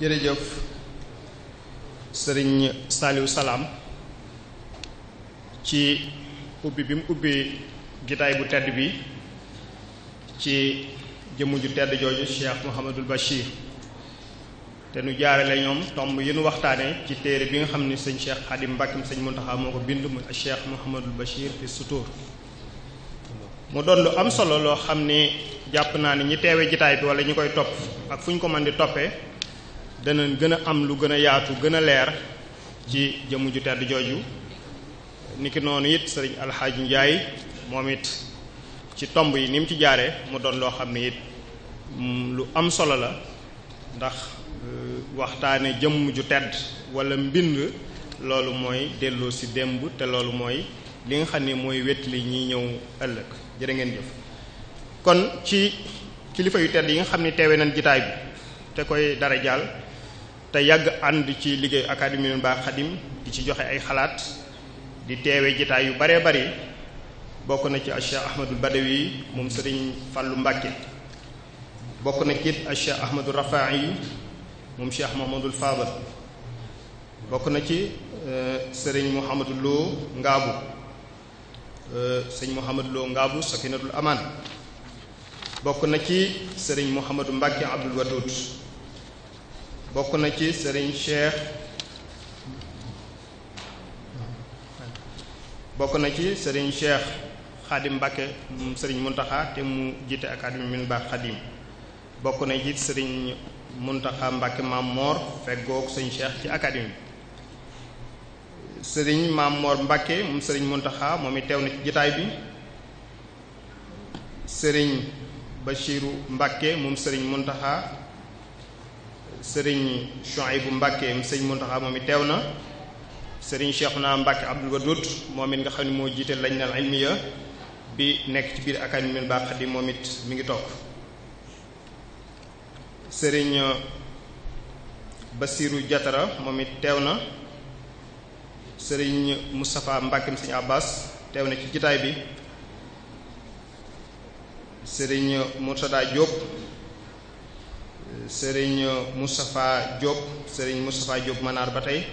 jërëjëf sëriñ Saliou Salaam ci ubbi bi mu ubbi gitaay bu tedd bi ci jëmm ju tedd jooju Cheikh Mouhamadul Bachir te nu jaarale ñoom tomb yi nu waxtaane ci téere bi nga xam ni sëñ Cheikh Xadim Mbàkkim sëñ Muntaxa moo ko bind mu Cheikh Mouhamadul Bachir fi sutur mu doon lu am solo loo xam ni jàpp naa ne ñi teewe jitaay bi wala ñi koy topp ak fu ñu ko mën di toppee danañ gën a am lu gën a yaatu gën a leer ci jëmm ju tedd jooju niki noonu it sëriñ alxaaj Njaay moom it ci tomb yi ni mu ci jaaree mu doon loo xam ne it mm, lu am solo la ndax euh, waxtaane jëmm ju tedd wala mbind loolu mooy delloo si démb te loolu mooy li nga xam ne mooy wetli ñiy ñëw ëllëg jërë ngeen jëf kon ci kilifa yu tedd yi nga xam ne teewe nañ jitaay bi te koy dara jàll da yàgg ànd ci liggéeyu académie Minane Ba Xadim di ci joxe ay xalaat di teewe jitaay yu baree bari bokk na ci Cheikh Ahmadul Badawi moom Sëriñ Fàllu Mbàkke bokk na ci it Cheikh Ahmadul yi moom Cheikh Mahamadul Fadal bokk na ci euh, Sëriñ Mouhamadou Lo Ngaabu euh, sëñ Mouhamadou Lo Ngaabu Sakinatul Amaan bokk na ci Sëriñ Mouhamadou Mbàkke Abdul Wadud bokk na ci sëriñ Cheikh bokk na ci sëriñ Cheikh Xadim Mbàkke moom sëriñ Muntaxa te mu jiite académie min baax Xadim bokk na ci sëriñ Muntaxa Mbàkke Maam Moor feggoog sëriñ Cheikh ci académie sëriñ Maam Mor Mbàkke moom sëriñ Muntaxa moom it na ci jataay bi sëriñ Bachiru Mbàkke moom sëriñ Muntaxa sëriñ Chouaïbou Mbacke sëñ Mountakha moom it teew na sëriñ Cheikhouna Mbacke Abdoul Wadoud moom it nga xam ne moo jiite lañ naan ilmiya bi nekk ci biir académie Minane Ba Khady moom it mi ngi toog sëriñ Bassirou Diatara moom it teew na sëriñ Moustapha Mbacke sëñ Abbas teew na ci jitaay bi sëriñ Moursada Diop. sëriñ Moustapha Diop sëriñ Moustapha Diop Manar ba tey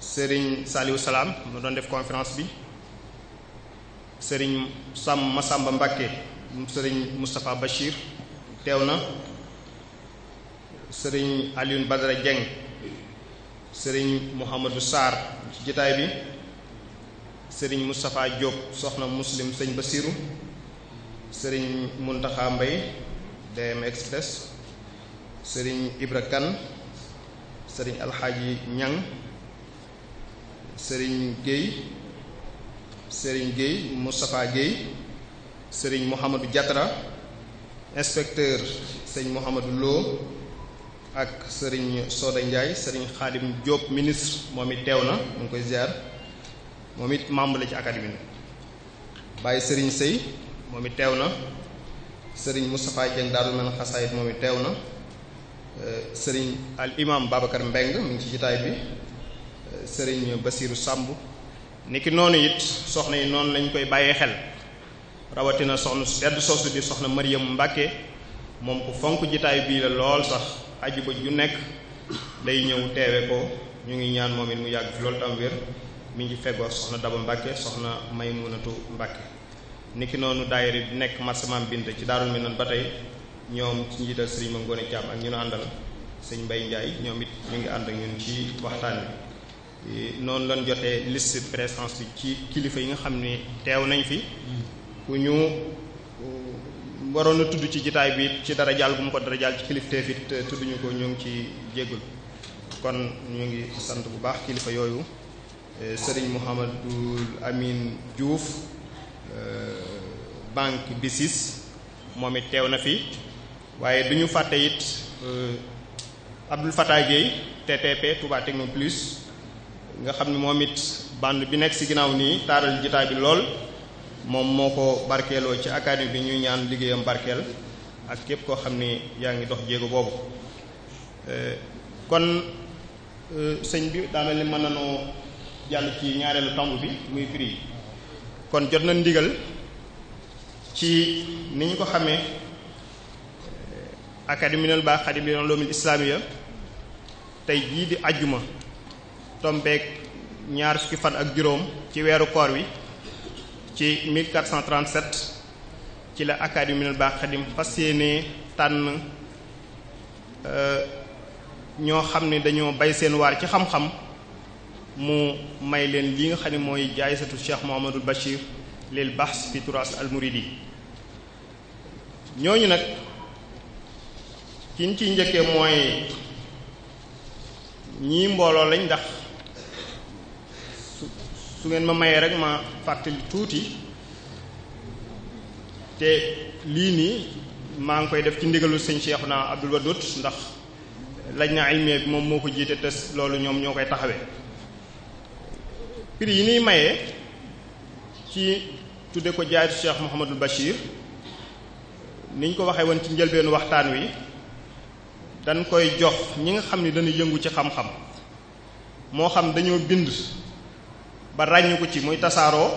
sëriñ Saliou Salam mu doon def conférence bi sëriñ Sam Masamba Mbacké sëriñ Moustapha Bachir teew na sëriñ Alioune Badara Dieng sëriñ Mouhamadou Sarr ci jitaay bi sëriñ Moustapha Diop soxna muslim sëñ Basiru sëriñ Muntaxa Mbay DM sëriñ Ibra Kane sëriñ Alxaaji ñaŋ sëriñ Guèye sëriñ Guèye Moustapha Guèye sëriñ Mouhamadou Diatra inspecteur sëriñ Mouhamadou Lo ak sëriñ Soda Ndiaye sëriñ Xaadim Diop ministre moom it teew na mu koy ziar moom it membre ci académie bi bàyyi sëriñ Sey moom it teew na sëriñ Moustapha Dieng daarul man xasaayit moom it teew na euh, sëriñ al imam Babacar Mbeng mu ngi ci jitaay bi euh, sëriñ Basiiru Sàmb ki noonu it soxna yi noonu lañ koy bàyyee xel rawatina soxna sedd soosu di soxna Mariam Mbàkke moom ku fonk jitaay bii la lool sax ajuba ju nekk day ñëw teewe ko ñu ngi ñaan moom it mu yàgg loolu tam wér mi ngi feggoor soxna Daba Mbàkke soxna Maymunatu Mbàkke ki noonu daayira bi nekk masamam bind ci daarul mi nan ba tey ñoom ci njiital sëriñ ma ngoone Caam ak ñu nu àndal sëñ Mbay Njaay ñoom it ñu ngi ànd ak ñun ci waxtaan bi eh, noonu lañ jotee liste présence yi ci kilifa yi nga xam ne teew nañ fi ku ñu eh, waroon a tudd ci jitaay bi ci dara jàll bu mu ko dara jàll ci kilifteef it tudd ñu ko ñu ngi ci jéggul kon ñu ngi sant bu baax kilifa yooyu eh, sëriñ Mouhamadul Amin juuf Euh, banque bisis moom it teew na fi waaye duñu ñu fàtte it euh, Abdoul Fattah Gueye TTP Touba Techno Plus nga xam ne moom it band bi nekk ci ginnaaw nii taaral jitaay bi lool moom moo ko barkeeloo ci académie bi ñuy ñaan liggéeyam barkeel ak képp koo xam ni yaa ngi dox jéego boobu euh, kon sëñ bi daa mel ni mën nanoo jàll ci ñaareelu tomb bi muy prix kon jot na ndigal ci ni ñu ko xamee eh, académie nal baa xadim linoon loomil islamiya tey jii di ajjuma tombeek ñaar fukki fan ak juróom ci weeru koor wi ci 1437 ci la académie nal baa xadim fas yéenee tànn eh, ñoo xam ni dañoo bay seen waar ci xam-xam mu may leen li nga xam ne mooy jaayisatu Cheikh Mouhamadul Bachir lil bahs fi turas al muridi ñooñu nag kiñ ci njëkkee mooy ñii mbooloo lañ ndax su ngeen ma mayee rek ma fàttali tuuti te lii nii maa ngi koy def ci ndigalul sëñ naa Abdoul Wadoud ndax laj na ilmiya bi moom moo ko jiite te loolu ñoom ñoo koy taxawee prix yi ñuy maye ci tudde ko jaayatu Cheikh Mouhamadul Bachir niñ ko waxee woon ci njëlbeenu waxtaan wi dañ koy jox ñi nga xam ni dañu yëngu ci xam-xam moo xam dañoo bind ba ràññu ci muy tasaaroo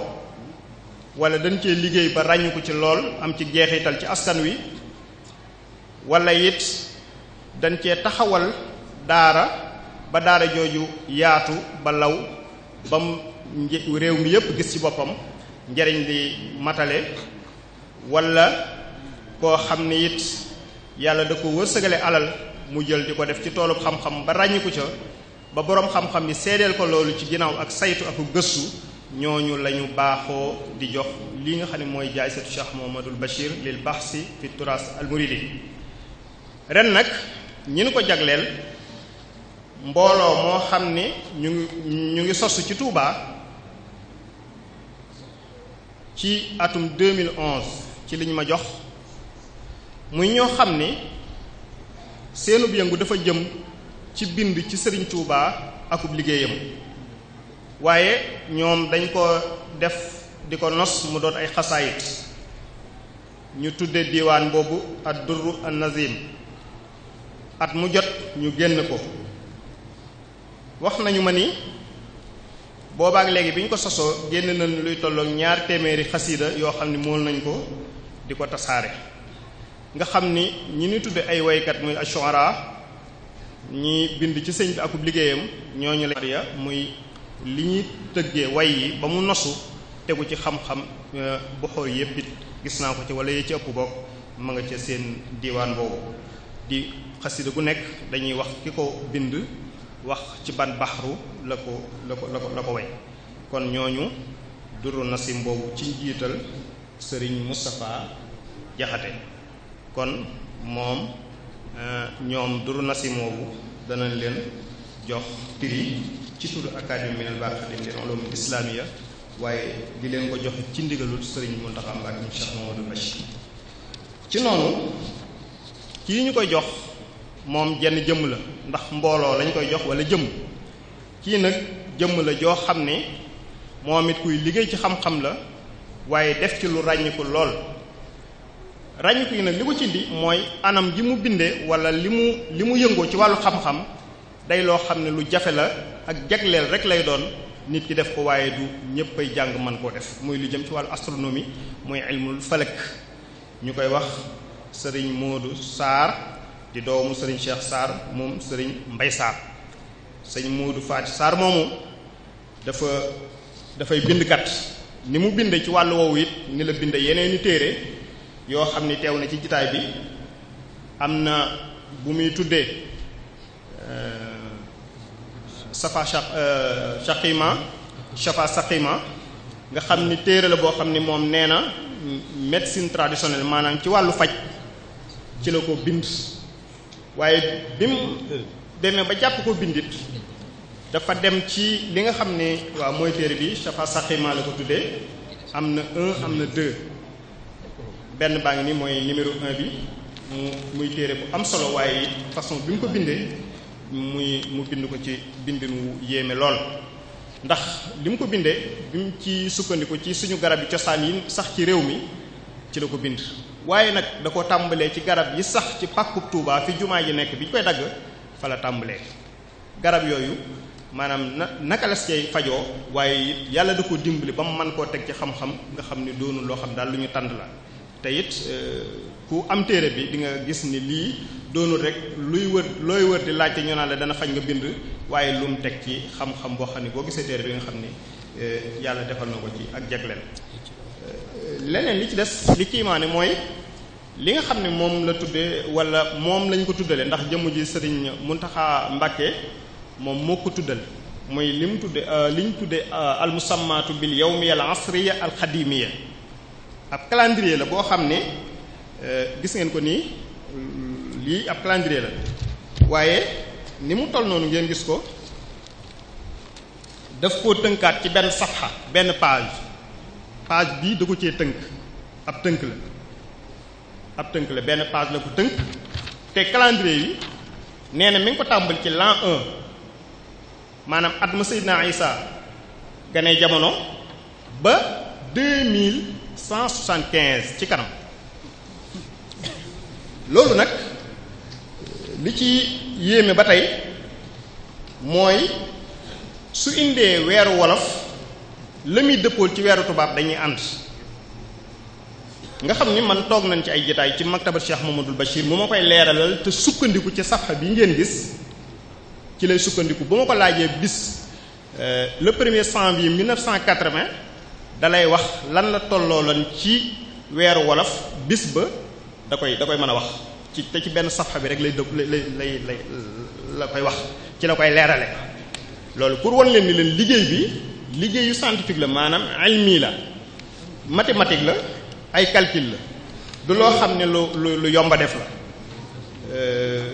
wala dañ cee liggéey ba ràññu ci lool am ci jeexital ci askan wi wala it dañ cee taxawal daara ba daara jooju yaatu ba law ba réew mi yépp gis ci boppam njariñ li matale wala koo xam ni it yàlla da ko wërsëgale alal mu jël di ko def ci toolub xam-xam ba ràññiku ca ba boroom xam-xam yi seedeel ko loolu ci ginnaaw ak saytu ak gëstu ñu lañu baaxoo di jox li nga xam ne mooy jaayisatu Cheikh Mouhamadoul Bachir lil baxsi fi turas al ren nag ñi ñu ko jagleel mbooloo moo xam ne ñu ngi ñu ngi sosu ci tuubaa ci atum 2011 ci li ñu ma jox muy ñoo xam ni seenub yëngu dafa jëm ci bind ci sëriñ Touba akub liggéeyam waaye ñoom dañ ko def di ko nos mu doon ay xasaayit ñu tudde diwaan boobu ad durru nazim at mu jot ñu génn ko wax nañu ma ni boobaak léegi bi ñu ko sosoo génn nañ luy tollook ñaar téeméeri xasiida yoo xam ni mool nañ ko di ko tasaare nga xam ni ñi ñu tudde ay waykat muy ashuara ñi bind ci sëñ bi akub liggéeyam ñu la ya muy li ñuy tëggee way yi ba mu nosu tegu ci xam-xam euh, bu xool yëpp it gis naa ko ci wala yee ci ëpp bokk ma nga ca seen diiwaan boobu di xasida gu nekk dañuy wax ki ko bind wax ci ban baxru la ko la ko la ko la ko way kon ñooñu duru nasim boobu ci njiital sëriñ Moustapha Jaxate kon moom euh, ñoom duru nasim boobu danañ leen jox prix ci turu académie minal barakaati leen ulum waaye di leen ko jox ci ndigalul sëriñ Muntaxa Mbàkke Cheikh Mamadou Bachir ci noonu ci ñu koy jox moom jenn jëmm la ndax mbooloo lañ koy jox walla jëmm kii nag jëmm la joo xam ni moom it kuy liggéey ci xam-xam la waaye def ci lu ràññiku lool ràññiku yi nag li ko ci indi mooy anam ji mu bindee wala li mu li mu yëngoo ci wàllu xam-xam day loo xam ne lu jafe la ak jagleel rek lay doon nit ki def ko waaye du ñépp ay jàng man koo def muy lu jëm ci wàllu astronomie muy ilmul falak ñu koy wax sëriñ Modou Sarr di doomu sëriñ Cheikh Sarr moom sëriñ Mbay Sarr sëñ Moodu Faati Sarr moomu dafa dafay bindkat ni mu bind ci wàllu woowu it ni la bind yeneeni téere yoo xam ni teew na ci jitaay bi am na bu muy tuddee euh, safa shaqima euh, shafa saqima nga xam ni téere la boo xam ni moom nee na médecine traditionnelle maanaam ci wàllu faj ci la ko bind waaye bi mu demee ba jàpp ko bindit dafa dem ci li nga xam ne waaw mooy téere bi Shafa Saqima la ko tuddee am na un am na deux benn baa ngi ni mooy numéro un bi mu muy téere bu am solo waaye façon bi mu ko bindee muy mu bind ko ci bindin wu yéeme lool ndax li mu ko bindee bi mu ci sukkandiku ci suñu garab yi cosaan yi sax ci réew mi ci la ko bind waaye nag da ko tàmbalee ci garab yi sax ci pàkkub tuubaa fi jumaa ji nekk bi ñu koy dagg fa la tàmbalee garab yooyu maanaam na naka las cay fajoo waaye it yàlla di ko dimbali ba mu man koo teg ci xam-xam nga xam ni doonul loo xam daal lu ñu tànd la teyit it euh, ku am téere bi di nga gis ni lii doonul rek luy wër looy wër di laajte ñu naan la dana faj nga bind waaye lu mu teg ci xam-xam boo xam ne boo gisee téere bi nga xam ni euh, yàlla defal na ko ci ak jagleen leneen li ci des li kiimaane mooy li nga xam ne moom la tudde wala moom lañ ko tuddale ndax jëmm ji sëriñ taxa Mbàkke moom moo ko tuddal mooy li mu tudde euh, li ñu tudde euh, almusammaatu bil yawmiya al asriya al xadimiya ab calendrier la boo xam ne euh, gis ngeen ko nii lii ab calendrier la waaye ni mu toll noonu ngeen gis ko daf ko tënkaat ci benn safxa benn page page bii da ko cee tënk ab tënk la ab tënk la benn page la ko tënk te calendrier yi nee na mi ngi ko tàmbali ci l'an 1 maanaam at ma Seydina Isa ganee jamono ba 2175 ci kanam loolu nag li ci yéeme ba tey mooy su indee weeru wolof la muy dëppool ci weeru tubaab dañuy ànd nga xam ni man toog nañ ci ay jitaay ci maktabat Cheikh Mamadou Bachir mu ma koy leeralal te sukkandiku ci safxa bi ngeen gis ci lay sukkandiku bu ma ko laajee bis euh, le premier janvier 1980 da lay wax lan la tolloo lan ci weeru wolof bis ba da koy da koy mën a wax ci te ci benn safxa bi rek lay dëpp lay lay lay la koy wax ci la koy leerale loolu pour wan leen leen liggéey bi liggéeyu scientifique la maanaam mii la mathématique la ay calcul la du loo xam ne lu lu yomba def la euh,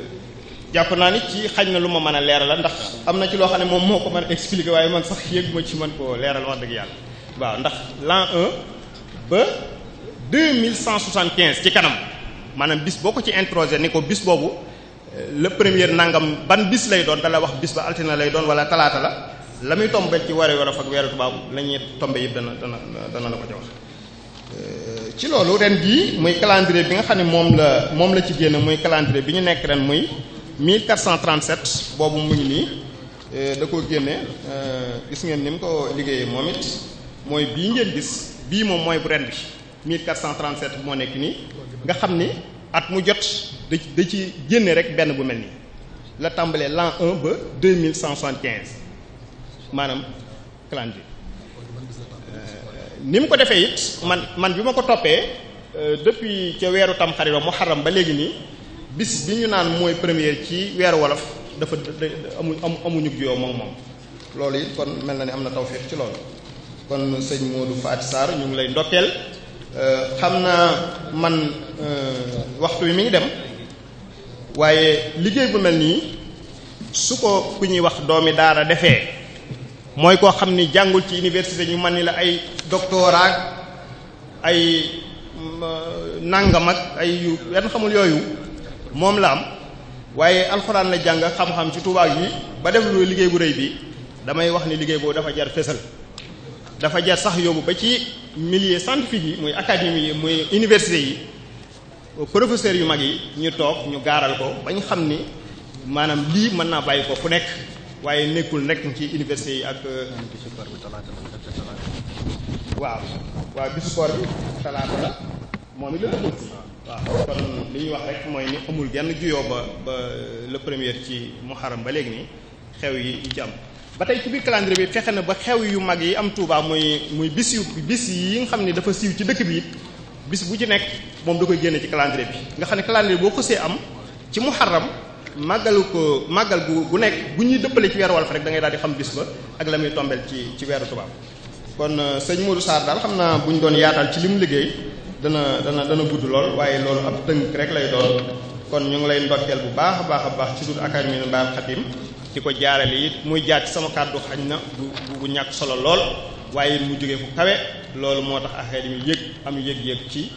jàpp naa ni ci xaj na lu ma mën a leera la ndax am na ci loo xam ne moom moo ko mën a expliquer waaye man sax yëgguma ci mën koo leeral wax dëgg yàlla waaw ndax l'an 1 ba 2175 ci kanam maanaam bis boo ko ci introsé ni ko bis boobu euh, le premier nangam ban bis lay doon dala wax bis ba altine lay doon wala talaata la la muy tombel ci weeru wolof ak weeru tubaab la ñuy tombe yëpp dana dana la ko ca wax euh, ci loolu ren bii muy calendrier bi nga xam ne moom la moom la ci génn muy calendrier bi ñu nekk ren muy 1437 boobu mu ngi nii euh, da koo génne euh, gis ngeen ni mu ko liggéeyee moom it mooy bii ngeen gis bii moom mooy bu ren bi 1437 moo nekk nii nga xam ni at mu jot da da ci génne rek benn bu mel nii la tàmbalee l'an 1 ba 2175 maanaam calendrier ni mu ko defee it man man bi ma ko toppee euh, depuis ca weeru tam xarit wa muharram ba léegi nii bis bi ñu naan mooy première ci weeru wolof dafa amu amuñu juyoo moom moom loolu it kon mel na ni am na tawfeex ci loolu kon sëñ Modou Faty Sarr ñu ngi lay ndokkeel euh, xam naa man euh, waxtu wi mi ngi dem waaye liggéey bu mel nii su ko ku ñuy wax doomi daara defee mooy koo xam ni jàngul ci université ñu man ni la ay doctorat ay mm, euh, nangam mag ay yu yan xamul yooyu moom la am waaye alxuraan la jàng xam-xam ci tubaab yi ba def lu liggéey bu rëy bi damay wax ni liggéey boobu dafa jar fésal dafa jar sax yóbbu ba ci milieu scientifique yi muy académie yi muy université yi professeurs yu mag yi ñu toog ñu gaaral ko ba ñu xam ni maanaam lii mën naa bàyyi ko ku nekk waaye nekkul rek ci université yi ak. Euh, waaw waaw bisu koor bi talaata la moom it la dëppul waaw kon li ñuy wax rek mooy ni amul genn juyoo ba ba le premier ci muharram ba léegi nii xew yi yi ci am ba tey ci biir calendrier bi fexe na ba xew yu mag yi am Touba mooy muy bis yu bis yi nga xam ni dafa siiw ci dëkk bi it bis bu ci nekk moom da koy génne ci calendrier bi nga xam ne calendrier boo xësee am ci muharram màggalu ko màggal gu bu nekk bu ñuy dëppalee ci weeru wolof rek da ngay daal xam bis ba ak la muy tombeel ci ci weeru tubaab kon euh, sëñ Modou Sarr daal xam naa bu ñu doon yaatal ci li mu liggéey dana dana dana gudd lool waaye loolu ab tënk rek lay doon kon ñu ngi lay ndokkeel bu baax a baax a baax ci tur académie Mbacke Khatim di ko jaarale it muy jaar ci sama kàddu xañ na bu bu ñàkk solo lool waaye mu jógee fu kawe loolu moo tax académie yëg am yëg-yëg ci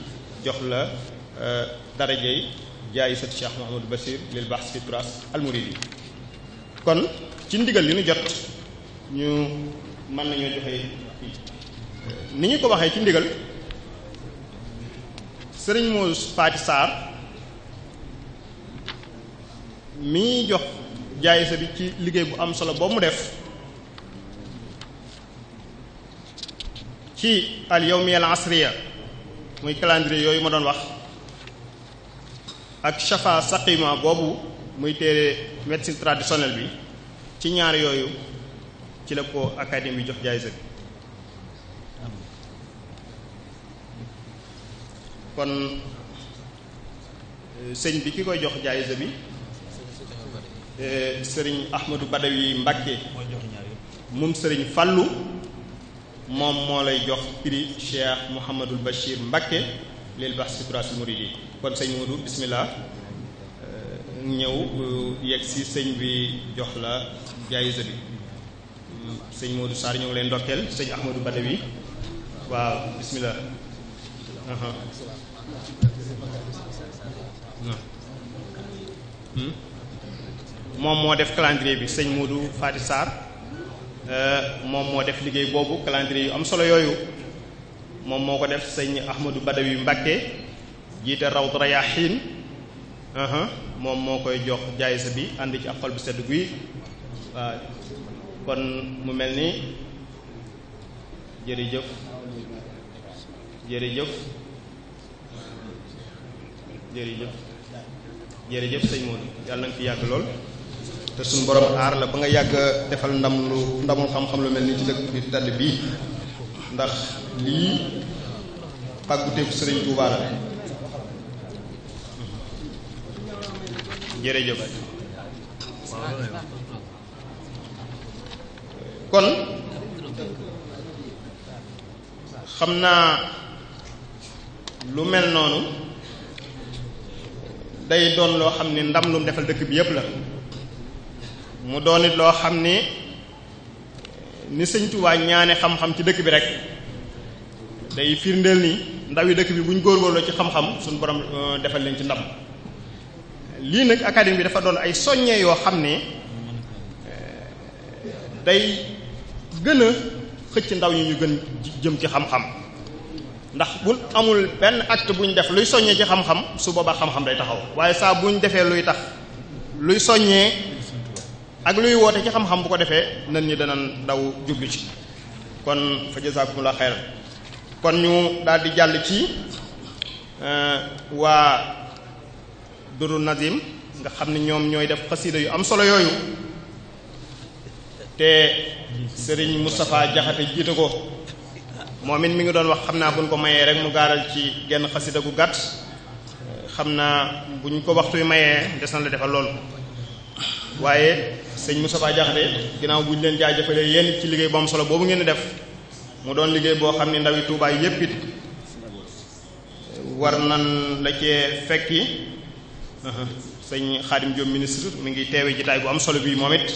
jox la euh, darajey jaayisatu Cheikh Mouhamadou Bachir lil bahs fi turas al muridi kon ci ndigal li ñu jot ñu mën nañoo joxe ni ñu ko waxee ci ndigal sëriñ moo Faati Sarr mi ñuy jox jaayisa bi ci liggéey bu am solo boobu mu def ci al yawmi al asriya muy calendrier yooyu ma doon wax ak Shafa Saqima boobu muy téere médecine traditionnelle bi ci ñaar yooyu ci la ko académie bi jox jaaysa bi kon euh, sëñ bi ki koy jox jaaysa bi euh, sëriñ Ahmadou Badawi Mbacké moom sëriñ Fallou moom moo lay jox prix Cheikh Mouhamadul Bachir Mbacké lil baax si turaas muridi kon sëñ Modou bismillah euh, ñëw yegg si sëñ bi jox la jaayisa bi sëñ Modou Sarr ñoo ngi leen ndokkeel sëñ Ahmadou Badawi waaw bismillah hmm? moom moo def calendrier bi sëñ Modou Fati Sarr euh, moom moo def liggéey boobu calendrier yu am solo yooyu moom moo ko def sëñ Ahmadou Badawi Mbacke jiite rawdu Rayaahiin moom moo koy jox jaayisa bi ànd ci ak xol bu sedd guy waaw kon mu mel ni jërëjëf jërëjëf jërëjëf jërëjëf sëñ Modou yàlla na nga fi yàgg lool te suñu borom aar la ba nga yàgg defal ndam lu ndamul xam-xam lu mel ni ci dëkk bi tàll bii ndax lii pàgguteeku sëriñ Tuubaa la jërëjëf kon xam naa lu mel noonu day doon loo xam ne ndam lu defal dëkk bi yépp la mu doon loo xam ni ni sëñ Tuubaa ñaane xam-xam ci dëkk bi rek day firndeel ni ndaw yi dëkk bi buñ góor góorgóorloo ci xam-xam suñu borom euh, defal leen ci ndam lii nag académie bi dafa doon ay soññee yoo xam ne euh, day gën a xëcc ndaw yi ñu gën jëm ci xam-xam ndax bu amul benn acte bu ñu def luy soññee ci xam-xam su booba xam-xam day taxaw waaye saa bu defee luy tax luy soññee. ak luy woote ci xam-xam bu ko defee nan ñi danan ndaw jublu ci kon fa jazakumullah xayran kon ñu daal di jàll ci euh, waa duru nazim nga xam ne ñoom ñooy def xasida yu am solo yooyu te sëriñ Moustapha Jaxate jiite ko moom it mu ngi doon wax xam naa buñ ko mayee rek mu gaaral ci genn xasida gu gàtt xam naa buñ ko waxtuy mayee des na la defal loolu waaye sëñ Moustapha Diakhaté ginnaaw bu ñu leen jëfalee yéen ci liggéey bu am solo boobu ngeen di def mu doon liggéey boo xam ne ndawi Touba yépp it war nan la cee fekki sëñ Xaadim Diop ministre mu ngi teewee jitaay bu am solo bii moom it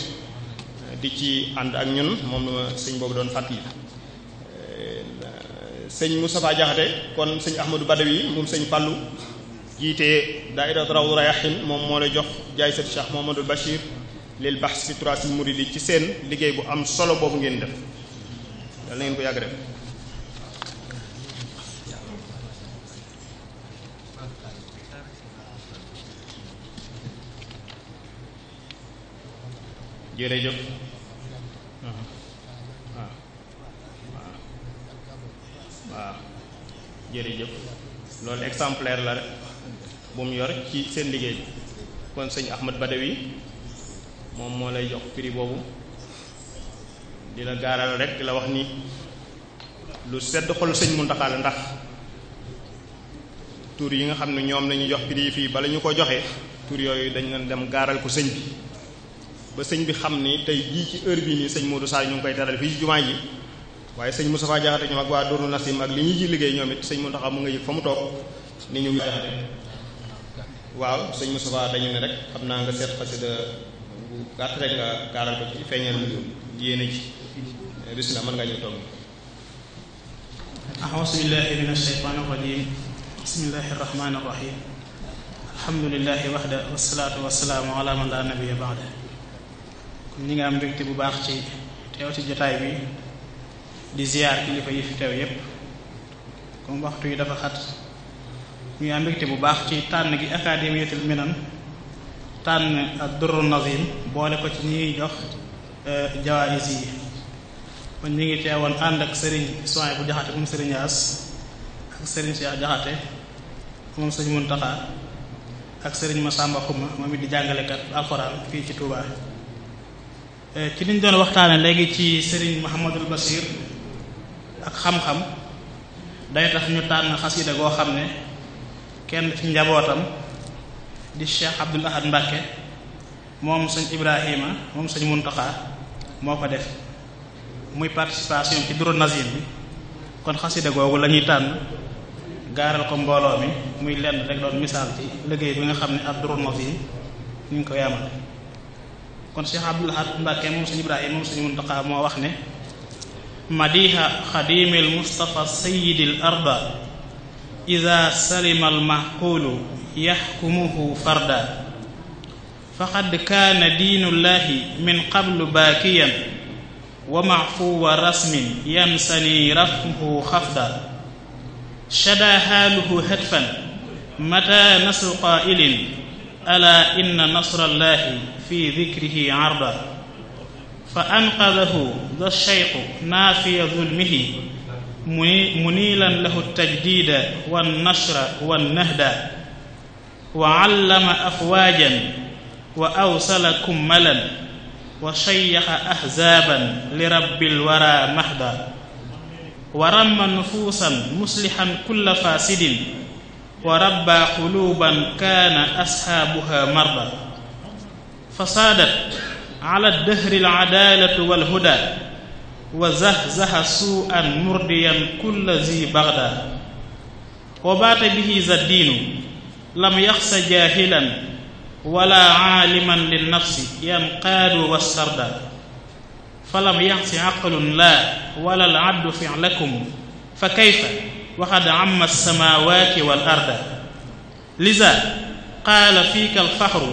di ci ànd ak ñun moom la ma sëñ boobu doon fàttali sëñ Moustapha Diakhaté kon sëñ Ahmadou yi moom sëñ Fallou jiite daaira Rawdu Rayaahiin moom moo la jox jaay sat Cheikh Mouhamadul Bachir lil bahs fi turaasil muridi ci seen liggéey bu am solo boobu ngeen def ko yàgg def jërëjëf loolu exemplaire la rek bu mu yor ci seen liggéey bi kon sëñ Ahmad Badawi moom moo lay jox prix boobu di la gaaral rek di la wax ni lu sedd xol sëñ Muntaxa la ndax tur yi nga xam ne ñoom lañu jox prix yi fii bala ñu ko joxe tur yooyu dañ leen dem gaaral ko sëñ bi ba sëñ bi xam ni tey jii ci heure bii nii sëñ Modou Sarr ñu ngi koy teral fii ci jumaa ji waaye sëñ Moustapha Jaxate ñoom ak waa Dóorlu Nasim ak li ñu ji liggéey ñoom it sëñ Muntaxa mu nga yëg fa mu toog ni ñu ngi jaxate waaw sëñ Moussa dañu ne rek xam naa nga seet xasida bu gàtt rek nga gaaral ko ci feeñal mu yéene ci bismillah mën ngaa ñëw toog أعوذ بالله من الشيطان am mbégte bu baax ci teew ci jotaay bi di ziyaar kilifa yi fi teew yépp comme waxtu yi dafa xat ñu am mbégte bu baax ci tànn gi académiyatul minan tànn ak durru nazim boole ko ci ñuy jox euh, jawaayis yi kon ñu ngi teewoon ànd ak sëriñ soin bu jaxate moom sëriñ Yaas ak sëriñ Cheikh jaxate moom sëriñ ak sëriñ Masamba Xuma moom di jàngalekat alxuraan fii ci Touba euh, ci liñ doon waxtaane léegi ci sëriñ Mouhamadul Basir ak xam-xam day tax ñu tànn xasida goo xam ne kenn ci njabootam di Cheikh Abdul Ahad Mbàkke moom sëñ Ibrahima moom sëñ Muntaxa moo ko def muy participation ci duru bi kon xasida googu la ñuy tànn gaaral ko mbooloo mi muy lenn rek doon misaal ci liggéey bi nga xam ne ab duru nazim ñu ngi ko yamale kon Cheikh Abdul Ahad Mbàkke moom sëñ Ibrahima moom sëñ Muntaxa moo wax ne madiha xadimil Mustafa sayyidil arda ida salima almaxquulu yaxkumuhu farda faqad kaana diinullahi min qablu baakiyan wa maxfuwa rasmin yansani rafmuhu xafda shada xaaluhu hetfan mata nasru qaa'ilin ala inna nasra allahi fi dikrihi arda fa anqadahu da shayqu naafiya zulmihi muniilan lahu ltajdida wannashra wannahda wa allama afwaajan wa awsala kummalan wa shayyaxa ahzaaban li rabbil wara mahda wa ramma nufuusan muslihan kulla faasidin wa rabba quluuban kaana asxaabuha marda fasaadat ala dahri al adaalatu wal huda wa zahzaha su'an murdiyan kulla zi bagda wa baata bihi za diinu lam yaxsa jaahilan wala aaliman lin nafsi yanqaadu wassarda falam yaxsi aqlun laa wala al addu filakum fa kayfa waxad amma alsamawati wal arda liza qaala fiika alfaxru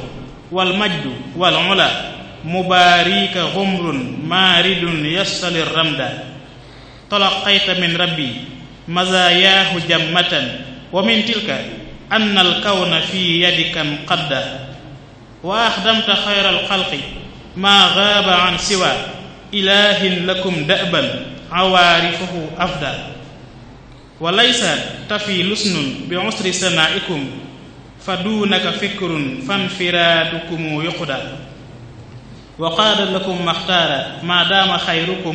walmajdu walula mubaarika xumrun maaridun yassali ramda talaqayta min rabbi mazaayaahu jammatan wa min tilka ann alkawna fi yadikan qadda wa axdamta xayra alxalqi maa gaaba an siwa ilahin lakum da'ban awaarifuhu afda wa laysa tafi lusnun bi usri sanaa'ikum fa duunaka fikrun fanfiraadukumu yuqda wa qaala lakum maxtaara maa daama xayrukum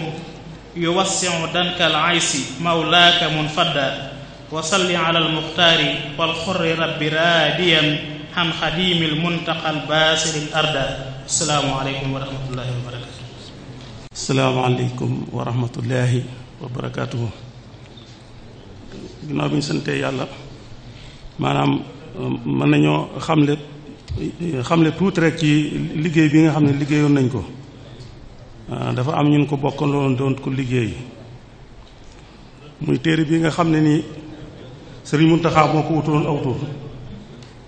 yuwassiu danka alaysi mawlaaka munfadda wa salli ala almuxtaari walxurri rabbi raadiyan xan xadiimi lmuntaqa albaasiri arda asalaamu aleykum wa rahmatullahi wa barakatu asalaamu aleykum wa rahmatullahi wa barakatuhu ginnaaw bi ñu santee yàlla maanaam um, mën nañoo xam lépp xam ne tuuti rek ci liggéey bi nga xam ne liggéeyoon nañ ko ah, dafa am ñun ko bokkandoo doon ko liggéey muy téere bii nga xam ne ni Sëriñ mun moo ko wutuloon aw tur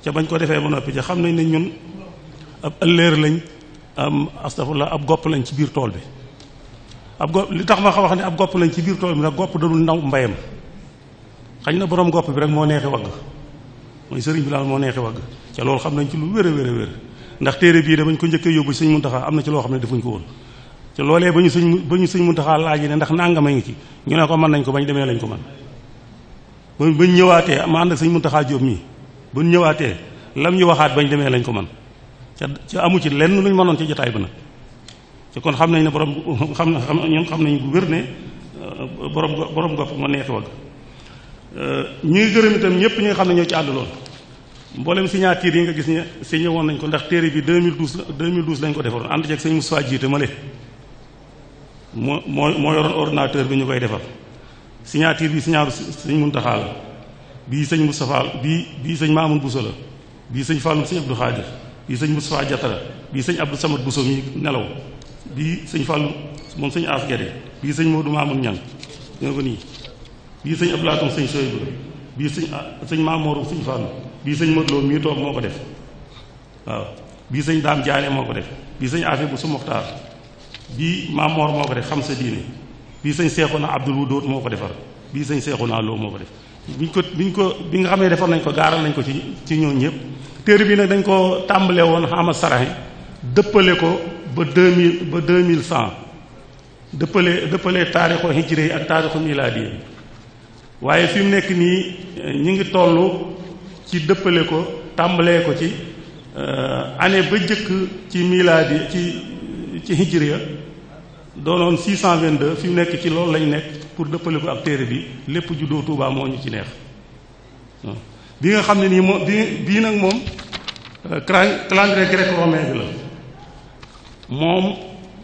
ca bañ ko defee ba noppi ca xam nañ ne ñun ab ëllëer lañ am astafurlah ab gopp lañ ci biir tool bi ab gopp li tax ma wax ne ab gopp lañ ci biir tool bi nag gopp dadul ndaw mbayam xañ na boroom gopp bi rek moo neexi wagg mooy sëriñ bi daal moo neexee wagg ca loolu xam nañ ci lu wér a wér a ndax téere bii bañ ko njëkkee yóbbu sëñ Muntaxa am na ci loo xam ne defuñ ko woon te loolee ba ñu sëñ ba ñu sëñ Muntaxa laaj ne ndax nangamay ngi ci ñu ne ko mën nañ ko bañ demee lañ ko man bañ ñëwaatee ma ànd ak sëñ Muntaxa mii buñ ñëwaatee lam ñu waxaat bañ demee lañ ko man ca ca amu ci lenn luñ mënoon ca jotaay ba nag ci kon xam nañ ne borom xam na xam ñun xam nañ bu wér ne euh, borom borom gopp moo neexee wagg Euh, ñuy gërëm itam ñëpp ñi xam ne ñoo ci ànduloon mboolem signature yi nga gis ne signé woon nañ ko ndax téere bi 2012 2012 lañ ko defaroon ànd ceeg sëñ Moussa jiite ma le moo moo moo ordinateur bi ñu koy defar signature bi signaaru sëñ Muntaxa la bii sëñ Moustapha bii bii sëñ Mamoun Bousso la bii sëñ Fallou sëñ Abdou Khadir bii sëñ Moustapha Diatara bii sëñ Abdou Samad Bousso nelaw bii sëñ Fallou moom sëñ As Guédé sëñ Modou Mamoun Niang ko nii bii sëñ Abdoulaye sëñ Soyibu la bii sëñ ah, sëñ Maamooru sëñ Fàllu bii sëñ Modou Lo mii toog moo ko def waaw bii sëñ Daam Jaane moo ko def bii sëñ Afe bu su Moxtaar bii Maamoor moo ko def xam sa diine bii sëñ Seexuna Abdul Wudoot moo ko defar bii sëñ Seexuna Lo moo ko def biñ ko biñ ko bi nga xam ne defar nañ ko gaaral nañ ko ci ci ñoo ñëpp téere bi nag dañ koo tàmbalee woon xama saraxin dëppale ko ba deux mille ba deux mille cent dëppale dëppalee taarixu hijri ak taarixu milaadi waaye fi mu nekk nii euh, ñu ngi toll ci dëppale ko tàmbalee ko ci euh, année ba jëkk ci milaadi ci ci hijriya doonoon 622 fi mu nekk ci loolu lañ nekk pour dëppale ko ak téere bi lépp juddoo Tuubaa moo ñu ci neex bi nga xam ne nii moom bi bii nag moom euh, calendrier gréco-romain bi la moom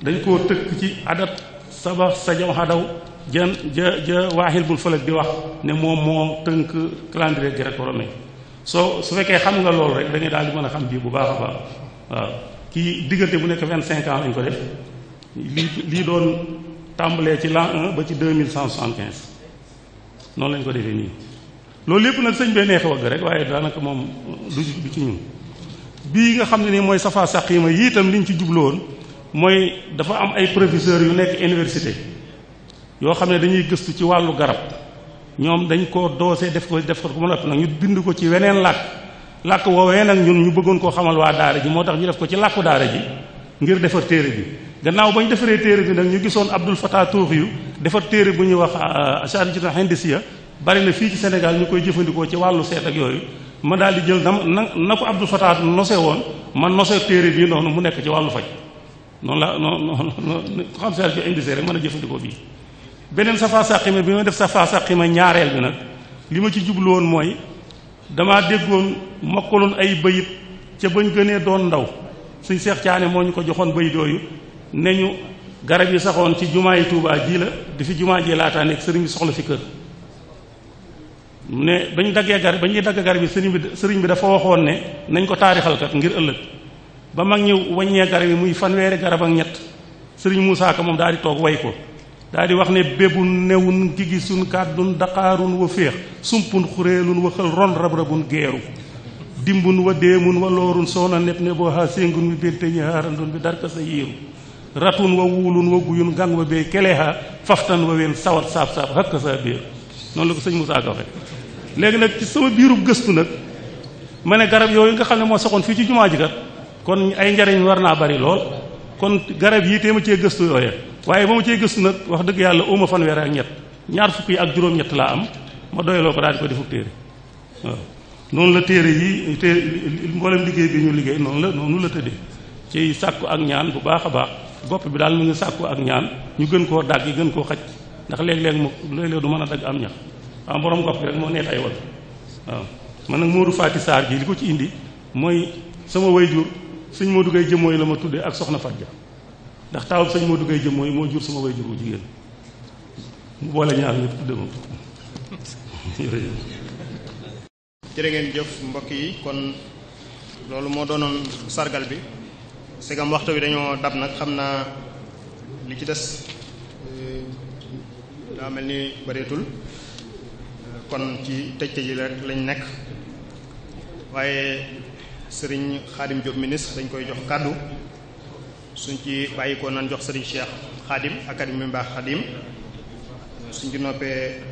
dañ koo tëkk ci adat sabax sajam xadaw ja ja ja waaxil xilbul falak di wax ne moom moo tënk calendrier gréco-romain soo su fekkee xam nga lool rek da ngay daal di mën a xam bii bu baax a baax waaw kii diggante bu nekk vingt cinq ans lañ ko def lii lii doon tàmbalee ci l'an 1 ba ci 2175 noonu lañ ko defee nii loolu lépp nag sëñ bee neexe wagg rek waaye daanaka moom du du ci ñun bii nga xam ne nii mooy safa saqima yi itam liñ ci jubloon mooy dafa am ay professeurs yu nekk université yoo xam ne dañuy gëstu ci wàllu garab ñoom dañ koo doose def ko def ko ba noppi nag ñu bind ko ci weneen làkk làkk woowee nag ñun ñu bëggoon koo xamal waa daara ji moo tax ñu def ko ci làkku daara ji ngir defar téere bi gannaaw ba ñu téere bi nag ñu gisoon Abdul Fattah Tuuxi yu téere bu ñuy wax euh, euh, Shahaadatu Hindisiyya bari na fii ci Sénégal ñu koy jëfandikoo ci wàllu seet ak yooyu ma daal di jël na na ko Abdul nose woon man nose téere bii noonu mu nekk ci wàllu faj noonu la noonu xam seet bi indisee rek mën a jëfandikoo bii beneen safa saqima bi ma def safa saqima ñaareel bi nag li ma ci jublu woon mooy damaa déggoon mokkaloon ay bayit ca bañ gënee doon ndaw suñ seex caane moo ñu ko joxoon bayit yooyu ne ñu garab yi saxoon ci jumaa yi Tuubaa jii la di fi jumaa ji laataa nekk sëriñ bi soxla fi kër ne bañ daggee garab bañ ñuy dagg garab yi sëriñ bi sëriñ bi dafa waxoon ne nañ ko taarixalkat ngir ëllëg ba mag ñu waññee garab yi muy fanweeri garab ak ñett sëriñ Moussa Ka moom daal di toog way ko daal di wax ne bébun newun gigisun kàddun daqaarun wa féex sumpun xureelun wa xël ron rab-rabun geeru dimbun wa déemun wa loorun soona neb ne boo haa séngun mi bente ñi haarandun bi darka sa yiiru ratun wa wuulun wa guyun gang wa bay keleha faftan wa wel sawat saab-saab hakka saa biir noonu la ko sëñ Moussa Ka léegi nag ci sama biirub gëstu nag ma ne garab yooyu nga xam ne moo soxoon fii ci jumaa ji kon ay njariñ war naa bari lool kon garab yii téema cee gëstu waaye moom cee gëstu nag wax dëgg yàlla uma fanweer ak ñett ñaar fukk yi ak juróom-ñett laa am ma doyloo ko daal di ko defuk téere waaw noonu la téere yi té mboolem liggéey bi ñu liggéey noonu la noonu la tëddee ci sàkku ak ñaan bu baax a baax bopp bi daal mu ngi sàkku ak ñaan ñu gën koo dagg yi gën koo xaj ndax léeg-léeg mu léeg-léeg du mën a dagg am ñax am borom bopp bi rek moo neex ay wal waaw man nag Modou Faty Sarr ji li ko ci indi mooy sama way jur suñ moo duggay jëmooy la ma tuddee ak soxna Faty ndax taawub sëñ moo duggee jëm mooy moo jur sama way jur mu jigéen mu boole ñaar ñëpp tudde moom jërë ngeen jëf mbokk yi kon loolu moo doonoon sargal bi segam waxtu wi dañoo dab nag xam naa li ci des euh, daa mel ni bareetul kon ci tëjtë ji rek lañ nekk waaye sëriñ Xaadim Diop ministre dañ koy jox kàddu suñ ci bàyyi ko jox sëriñ Cheikh Khadim académie Mbakh Khadim suñ ci noppee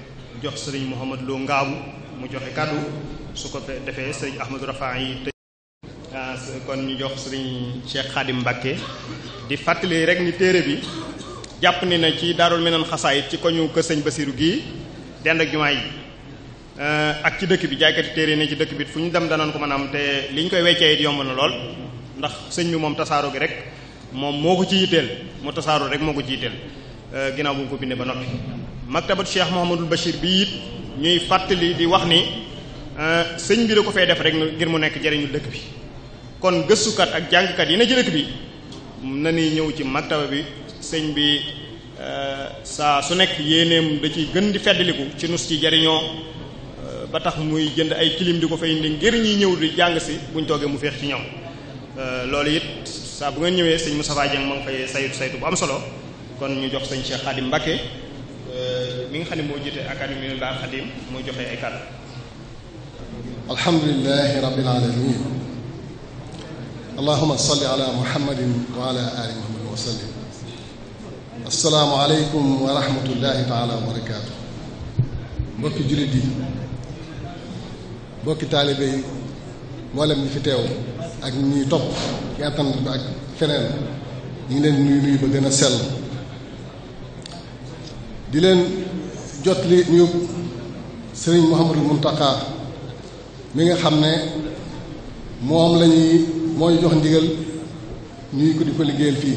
jox sëriñ Mouhamad Lo Ngaabu mu joxe kàddu su ko defee sëriñ Ahmadou Rafa yi ah, kon ñu jox sëriñ Cheikh Khadim Mbacke di fàttali rek ni téere bi jàpp ni na ci Daarul meneen xasaayit ci koñu kër sëñ Basiru gii dend ak jumaa yi eh, ak ci dëkk bi jaaykati téere ne ci dëkk bi fu ñu dem danañ ko mën a am te li ñu koy weccee it yomb na lool ndax sëñ bi moom tasaaro gi rek moom moo ko ci yitteel mu tasaaroo rek moo ko ci yitteel euh, ginnaaw bu mu ko bindee ba noppi. maktabatu Cheikh Mouhamadul Bachir bi it ñuy fàttali di wax ni euh, sëñ bi da ko fay def rek ngir mu nekk jariñu dëkk bi kon gëstukat ak jàngkat yi na ci dëkk bi na ni ñëw ci maktaba bi sëñ bi euh, saa su nekk yéeneem da gën di feddaliku ci nus ci jariñoo ba tax muy jënd ay kilim di ko fay indi ngir ñi ñëw di jàng si buñ toogee mu féex ci ñoom loolu it saa bu ngeen ñëwee sëñ Moustapha Dieng ma ngi fay saytu saytu bu am solo kon ñu jox sañ Cheikh Khadim Mbacké euh, mi nga xam ne moo jiite académie Minane Ba moo joxe ay kàddu. alhamdulillahi rabbil alamin allahumma salli ala muhammadin wa ala ali muhammadin wa aleykum wa rahmatullahi taala wa barakaatu mbokki jullit yi mbokki taalibe yi mboolem ñi fi teew ak ñuy topp ci attante bi ak feneen ñu ngi leen nuyu nuyu ba gën a sell di leen jot li ñu sëriñ Mouhamadul Mountakha mi nga xam ne moom lañuy ñuy moo jox ndigal ñuy ko di ko liggéeyal fii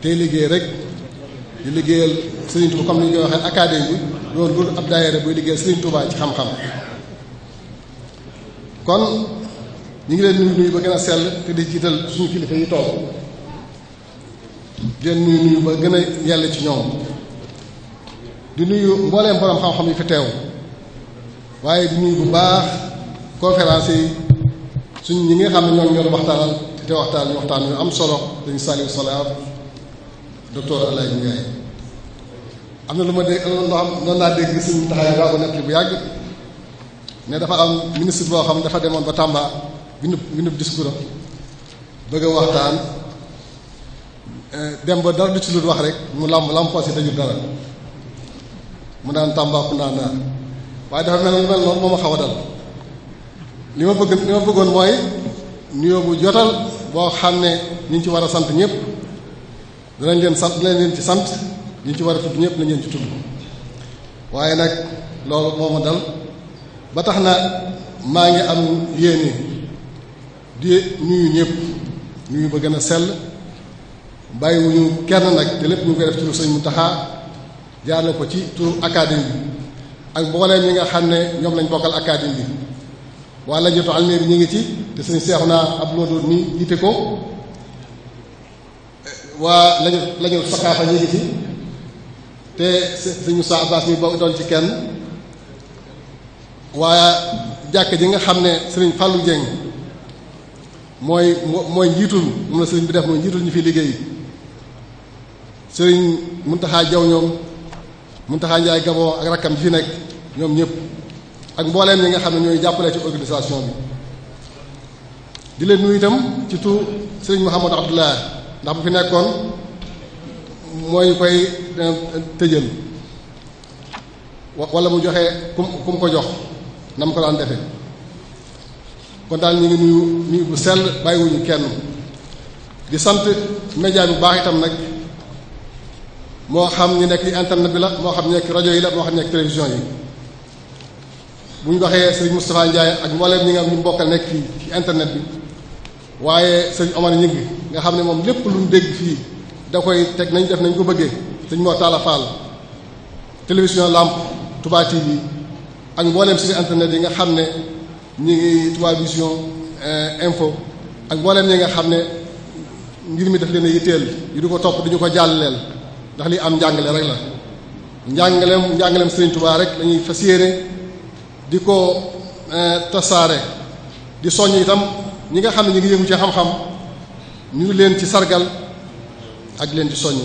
tey liggéey rek di liggéeyal sëriñ Touba comme ni ñu waxee académie bi loolu ab daayira buy liggéeyal sëriñ Touba ci xam-xam kon ñu ngi leen nuyu nuyu ba gën a sell te di jiital suñu kilifa yi toog di nuyu nuyu ba gën a yàlla ci ñoom di nuyu mbooleem borom xam-xam yi fi teew waaye di nuyu bu baax conférence yi suñ ñi nga xam ne ñoom ñoo waxtaanal te waxtaan waxtaan ñu am solo dañu Saliou Salaam docteur Alaye Ndiaye am na lu ma dégg loo xam noonu laa suñu taxaw yi nekk bu yàgg ne dafa am ministre boo xam dafa demoon ba Tamba. bindub bindub discours am bëgg a waxtaan eh, dem ba dara du ci lu wax rek mu lam lampoos yi dajul dara mu naan Tambacounda naar waaye dafa mel mel noonu moo ma xaw a dal li ma bëgg li ma bëggoon mooy nuyoo bu jotal boo xam ne ñu ci war a sant ñëpp danañ leen sant leen ci sant ñu ci war a tudd ñëpp nañ leen ci tudd waaye nag loolu moo ma dal ba tax na maa ngi am yéene di nuyu ñëpp nuyu ba gën a sell bàyyi bàyyiwuñu kenn nag te lépp ñu koy def ci lu sëñ mu jaar na ko ci turu académie bi ak mbooleem ñi nga xam ne ñoom lañ bokkal académie bi waa lajatu almeer bi ñu ngi ci te sëñ Seexuna Abdou Ndour mi jiite ko waa lañu lañu sakaafa ñu ngi ci te sëñ Moussa Abbas ñu bokk doon ci kenn waa jàkk ji nga xam ne sëriñ Fallou Dieng mooy mooy njiitul mun na sëriñ bi def mooy njiitul ñu fi liggéey sëriñ Muntaxa Jaw ñoom Muntaxa Njaay Gabon ak rakkam ji fi nekk ñoom ñëpp ak mbooleem ñi nga xam ne ñooy jàppale ci organisation bi di leen nuyu itam ci tur sëriñ Mouhamadou Abdullah ndax bu fi nekkoon mooy koy euh, tëjal wala mu joxe kum ku mu ko jox na mu ko daan defee kon daal ñu ngi nuyu nuyu bu sell bàyyiwuñu kenn di sant média bu baax itam nag moo xam ñu nekk internet bi la moo xam ñu nekk rajo yi la moo nekk télévision yi bu ñu waxee sëriñ Moustapha Ndiaye ak mboolem ñi nga xam ñu bokkal nekk fii ci bi waaye sëriñ Omar ñi nga xam ne moom lépp lu ñu dégg fii da koy teg nañ def nañ ko bëggee sëriñ moo taala télévision làmp Touba TV ak mboolem site internet yi nga xam ne ñu ngi Touba Vision euh, info ak mboolem ñi nga xam ne ngir mi daf leen a yitteel yu di ko topp duñu ko jàllaleel ndax lii am njàngale rek la njàngaleem njàngaleem Serigne Touba rek lañuy fas yéene di ko euh, tasaare di soññ itam ñi nga xam ne ñu ngi yëngu ci xam-xam ñu leen ci sargal ak leen ci soññ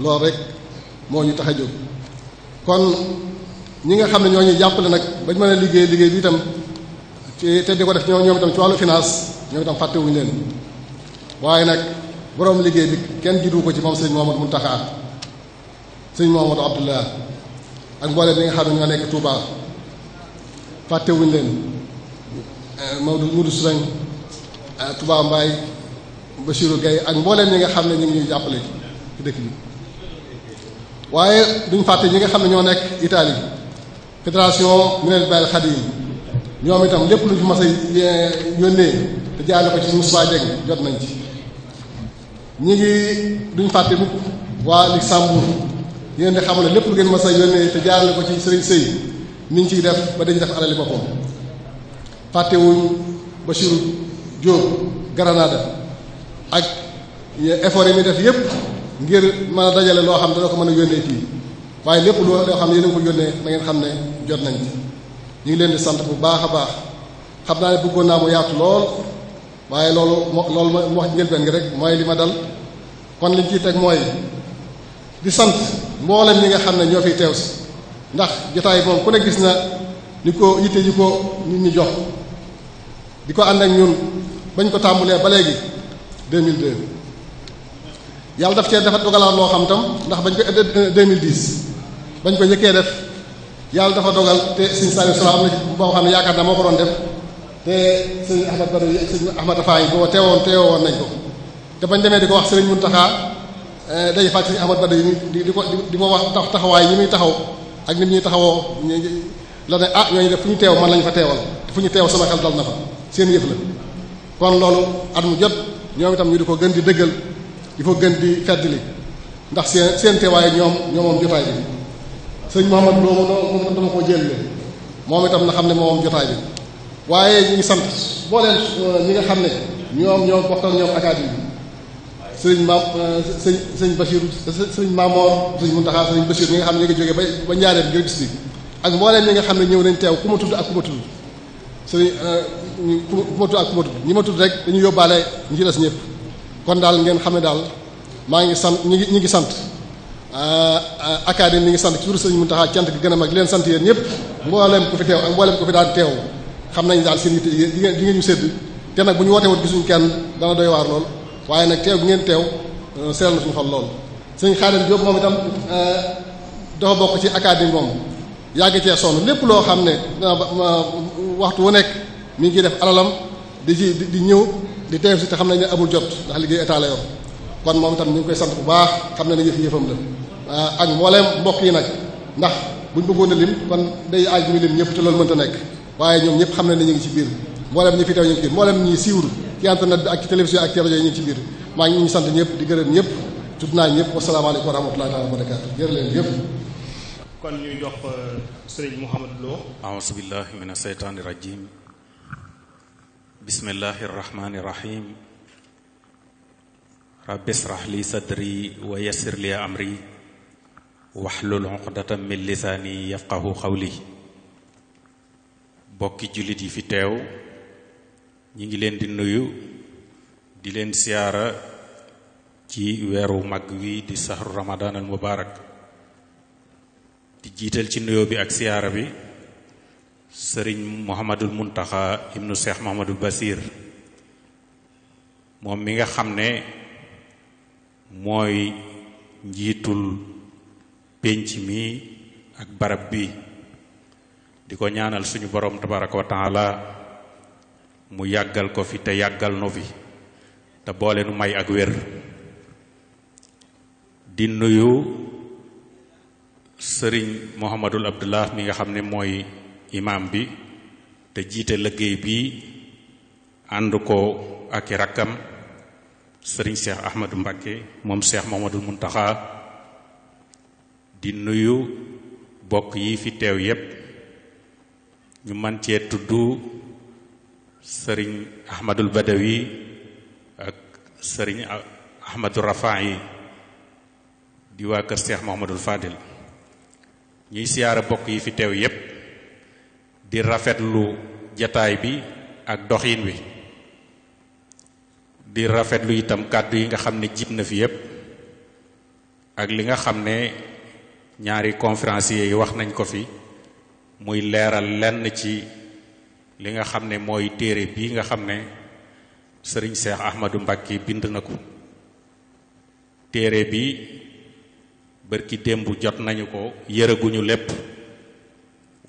loolu rek moo ñu tax a jóg kon ñi nga xam ne ñoo ñuy jàppale nag bañ mën a liggéey liggéey bi itam. te di ko def ñoom itam ci wàllu finance ñoom itam fàttewuñu leen waaye nag borom liggéey bi kenn jiitu ko ci moom sëñ Mouhamadou Mountakha sëñ Mouhamadou Abdoulah ak mbooleem ñi nga xam ne ñoo nekk Touba fàttewuñu leen eh, Maodo Moudou Sourang eh, Touba Mbaye Bassirou Gueye ak mbooleen ñi nga xam ne ñu ngi jàppale ci dëkk bi waaye duñ fàtte ñi nga xam ne ñoo nekk Italie mu Minel Baye Khadim ñoom itam lépp lu fi mas a yónnee te jaale ko ci Moussa Dieng jot nañ ci ñi ngi duñ fàtte mukk waa Ligue Sambour yéen di xam lépp lu ngeen mas a yónnee te jaarale ko ci Serigne sëy ni ciy def ba dañuy def alali boppam fàttewuñ Bachirou Diop Granada ak effort yi muy def yépp ngir mën a dajale loo xam ne ko mën a yónnee fii waaye lépp loo xam ne yéen ko yónnee na ngeen xam ne jot nañ ci ñu ngi leen di sant bu baax a baax xam naa ne bëggoon naa mu yaatu lool waaye loolu mo loolu ma wax njëlbeen ngi rek mooy li ma dal kon liñ ciy teg mooy di sant mboolem ñi nga xam ne ñoo fi teew si ndax jotaay moom ku ne gis na ni ko yitte ji ko nit ñi jox di ko ànd ak ñun bañ ko tàmbulee ba léegi 2002 yàlla daf cee dafa dogalaat loo xam tam ndax bañ ko 2010 bañ ko njëkkee def yàlla dafa dogal te sëñ Saliou Sala am boo xam ne yaakaar naa moo ko doon def te sëñ Ahmad Baro ak sëñ Ahmad Faye boo teewoon teewoon nañ ko te bañ demee di ko wax sëriñ Muntaxa eh, day fàcc sëñ Ahmad Baro yi di di ko di ko wax tax taxawaay yi muy taxaw ak nit ñuy taxawoo la ne ah ñooñu def fu ñu teew man lañ fa teewal fu ñu teew sama xel dal na fa seen yëf la kon loolu at mu jot ñoom itam ñu di ko gën di dëggal di ko gën di feddali ndax seen seen teewaay ñoom ñoomoom jotaay bi sëñ Mouhamad Lo moom man dama koo jëlle moom itam na xam ne moom jotaay bi waaye ñu ngi sant boo leen euh, ñi nga xam ne ñoom ñoom bokk ak ñoom sëñ maam euh, sëñ sëñ Bachir sëñ Mamor sëñ Muntaxa sëñ Bachir ñi nga xam ne ñu ngi jógee ba ba Njaareem ak mbooleem ñi nga xam ne ñëw nañ teew ku ma tudd ak ku ma tudd sëñ euh, ku ma tudd ak ku ma tudd ñi ma tudd rek dañu yóbbaale ñi ci des ñëpp kon daal ngeen xam ne daal maa ngi sant ñi ngi ñi ngi sant académie ah, ah, mi ngi sant ci turu sëñ Muntaxa cant gi gën a mag leen sant yéen ñëpp mbooleem ku fi teew ak mbooleem ku fi daan teew xam nañ daal seen yitte yi ngeen yi ngeen ñu sédd te nag bu ñu wootee woon gisuñ kenn dana doy waar lool waaye nag teew gi ngeen teew euh, seeral na suñu xol lool sëñ Xaadim Jóob moom itam euh, dafa bokk ci académie moom yàgg cee sonn lépp loo xam ne waxtu wu nekk mu ngi def alalam di ci di ñëw di teew si te xam nañ ne amul jot ndax liggéey état la yor kon moom itam ñu ngi koy sant bu baax xam ne ne yëf yëfam la Euh, ak mbooleem mbokk yi nag ndax buñ bëggoon a lim kon day aaj ñu lim ñëpp te loolu mënta nekk waaye ñoom ñëpp xam nañ ne ñu ngi ci biir mbooleem ñi fi teew ñu ngi ci biir mbooleem ñi siiwul ci internet ci ñu biir maa ngi ñu sant ñëpp di gërëm ñëpp tudd naa ñëpp wasalaamaaleykum wa rahmatullahi taala wa barakaatu jërë leen yëpp kon ñuy jox euh, sëriñ Mouhamadou Lo aousu billahi min aseytaani rajim bismillahi arrahmani irrahim rabbi israh li sadri wa yassir li amri waxlul uqdatam min lisaani yafqahu xawli bokki jullit yi fi teew ñi ngi leen di nuyu di leen siyaara ci weeru mag wi di saxru ramadan mubarak di jiital ci nuyoo bi ak siyaara bi sëriñ muhammadul muntaxa ibnu seex muhammadul basir moom mi nga xam ne mooy njiitul pénc mi ak barab bi di ko ñaanal suñu borom tabaraka wa taala mu yàggal ko fi te yàggal no fi te boole nu may ak wér di nuyu sëriñ Mohamadul Abdullah mi nga xam ne mooy imaam bi te jiite liggéey bi ànd ko ak i rakkam sëriñ Cheikh Ahmadou Mbacké moom seex Mohamadul Muntaxa di nuyu bokk yi fi teew yépp ñu man cee tudd sëriñ ahmadul badawi ak sëriñ ahmadu rafaa yi di waa kër seex muhammadul fadil ñuy siyaara bokk yi fi teew yépp di rafetlu jataay bi ak doxin wi di rafetlu itam kàddu yi nga xam ne jib na fi yépp ak li nga xam ne ñaari conférenciers yi wax nañ ko fi muy leeral lenn ci li nga xam ne mooy téere bii nga xam ne sëriñ Seex Ahmadu Mbàkke bind na ko téere bi bërki démb jot nañu ko yëraguñu lépp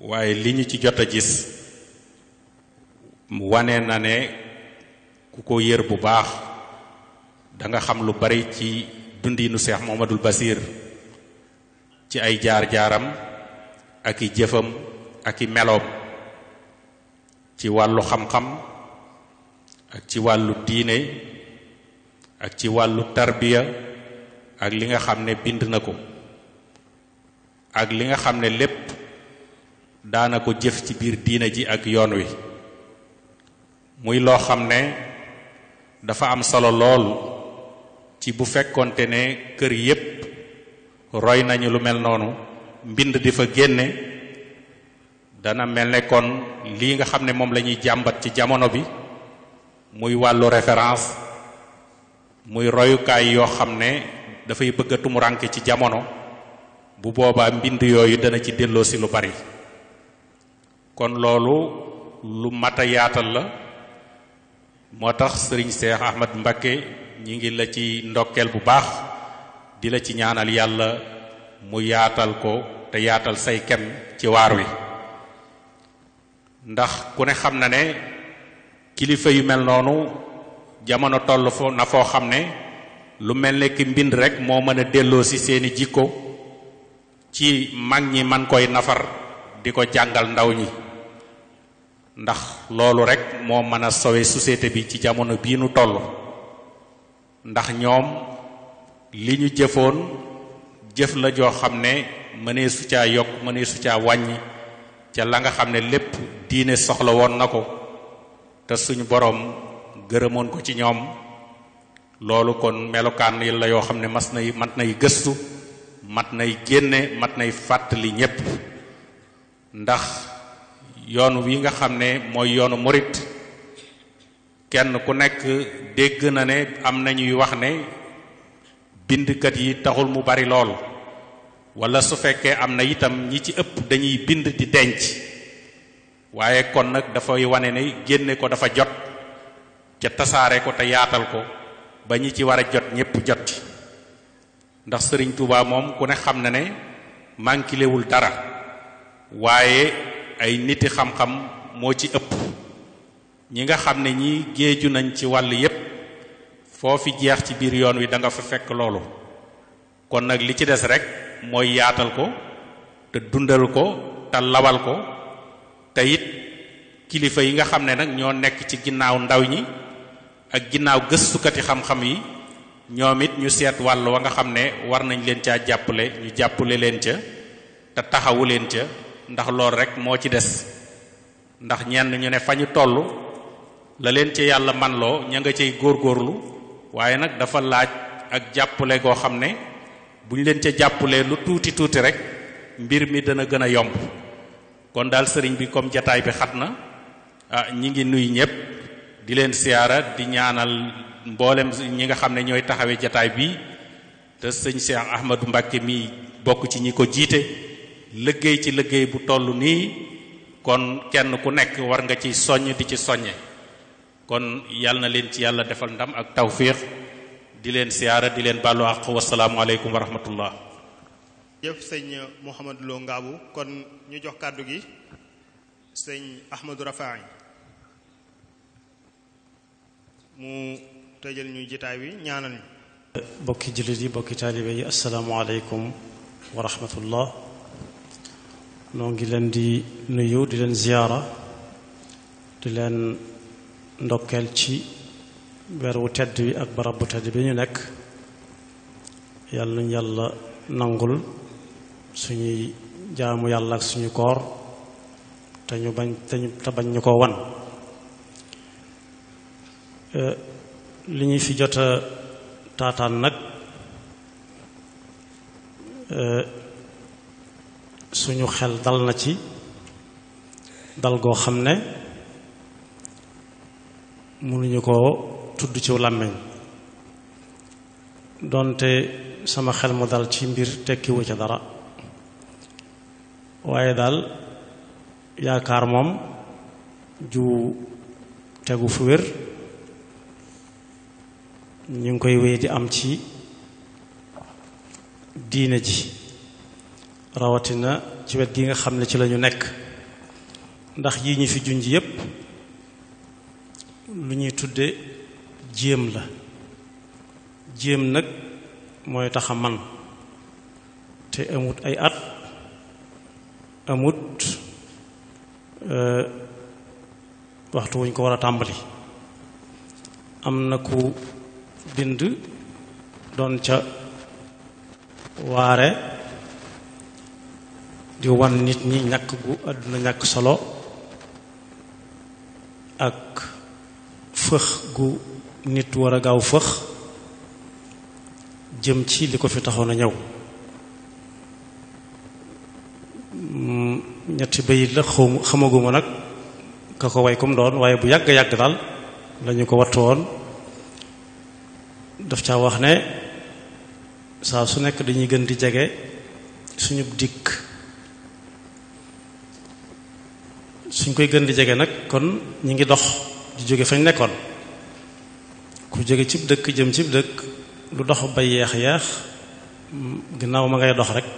waaye li ñu ci jot a gis wane na ne ku ko yër bu baax danga xam lu bari ci dundinu Seex moomadul Basiir ci ay jaar-jaaram ak i jëfam ak i meloom ci wàllu xam-xam ak ci wàllu diine ak ci wàllu tarbiya ak li nga xam ne bind na ko ak li nga xam ne lépp daana ko jëf ci biir diine ji ak yoon wi muy loo xam ne dafa am solo lool ci bu fekkonte ne kër yépp roy nañu lu mel noonu mbind di fa génne dana mel ne kon lii nga xam ne moom lañuy jàmbat ci jamono bi muy wàllu référence muy royukaay yoo xam ne dafay bëgg a ci jamono bu boobaa mbind yooyu dana ci delloo si lu bari kon loolu lu mat a yaatal la moo tax sëriñ Seex Ahmad Mbakke ñi ngi la ci ndokkeel bu baax di la ci ñaanal yàlla mu yaatal ko te yaatal say kem ci waar wi ndax ku ne xam na ne kilifa yu mel noonu jamono toll na foo xam ne lu mel ne ki mbind rek moo mën a delloo si seeni jikko ci mag ñi man koy nafar di ko jàngal ndaw ñi ndax loolu rekk moo mën a sowe société bi ci jamono bii nu toll ndax ñoom li ñu jëfoon jëf la joo xam ne mënee su yokk mënee su caa wàññi ca la nga xam ne lépp diine soxla woon na ko te suñu boroom gërëmoon ko ci ñoom loolu kon melokaan yi la yoo xam ne mas nay mat nay gëstu mat nay génne mat nay fàttali ñépp ndax yoon wi nga xam ne mooy yoonu morit kenn ku nekk dégg na ne am na ñuy wax ne bindkat yi taxul mu bari lool wala su fekkee am na itam ñi ci ëpp dañuy bind di denc waaye kon nag dafay wane ne génne ko dafa jot ca tasaare ko te yaatal ko ba ñi ci war a jot ñépp jot ndax sëriñ Tuubaa moom ku ne xam na ne mànkilewul dara waaye ay niti xam-xam moo ci ëpp ñi nga xam ne ñii géeju nañ ci wàll yépp foo fi jeex ci biir yoon wi da nga fa fekk loolu kon nag li ci des rek mooy yaatal ko te dundal ko te lawal ko te it kilifa yi nga xam ne nag ñoo nekk ci ginnaaw ndaw ñi ak ginnaaw gëstukati xam-xam yi ñoom it ñu seet wàll wa nga xam ne war nañ leen caa jàppale ñu jàppale leen ca te taxawu leen ca ndax loolu rek moo ci des ndax ñenn ñu ne fa ñu toll la leen ca yàlla man loo ña nga cay góorgóorlu waaye nag dafa laaj ak jàppale goo xam ne bu ñu leen ca jàppalee lu tuuti tuuti rek mbir mi dana gën a yomb kon daal sëriñ bi comme jataay bi xat na ah ñi ngi nuy ñëpp di leen siyaara di ñaanal mboolem ñi nga xam ne ñooy taxawee jataay bi te sëñ Cheikh Ahmadou Mbacke mi bokk ci ñi ko jiite liggéey ci liggéey bu toll nii kon kenn ku nekk war nga ci soññ di ci soññe kon yàlla na leen ci yàlla defal ndam ak tawfiq di leen siyaara di leen bàllu àq wasalaamualeykum wa rahmatullah jëf sëñ Mouhamadou Ngaabu kon ñu jox kàddu gi sëñ Ahmadou Rafaay mu tëjal ñu jitaay bi ñaanal ñu bokki jullit yi bokki taalibe yi asalaamaaleykum wa rahmatullah noo ngi leen di nuyu di leen ziyaara di leen ndokkeel ci weer wu tedd bi ak barab bu tedd bi ñu nekk yàlla nañ yàlla nangul suñuy jaamu yàlla ak suñu koor te ñu bañ te bañ ñu ko wan eh, li ñu fi jota taataan nag eh, suñu xel dal na ci dal goo xam ne mënuñu koo tudd ci làmmiñ donte sama xel mu dal ci mbir tekkiwu ca dara waaye daal yaakaar moom ju tegu fu wér ñu ngi koy wéy di am ci diine ji rawatina ci wet gi nga xam ne ci lañu nekk ndax yi ñu fi junj yépp lu ñuy tudde jéem la jéem nag mooy tax a man te amut ay at amut euh, waxtu wuñ ko war a tàmbali am na ku bind doon ca waare di wan nit ñi ñàkk gu àdduna ñàkk solo ak fëx gu nit war a gaaw fëx jëm ci li ko fi taxoon a ñëw mm, ñetti bayit la xaw xamaguma nag ka ko way kum doon waaye bu yàgg yàgg daal lañu ko wattu woon daf caa wax ne saa su nekk dañuy gën di jege suñu dikk suñ koy gën di jege nag kon ñi ngi dox di jóge fañ nekkoon ku jóge cib dëkk jëm cib dëkk lu dox ba yeex yeex ginnaaw ma ngay dox rek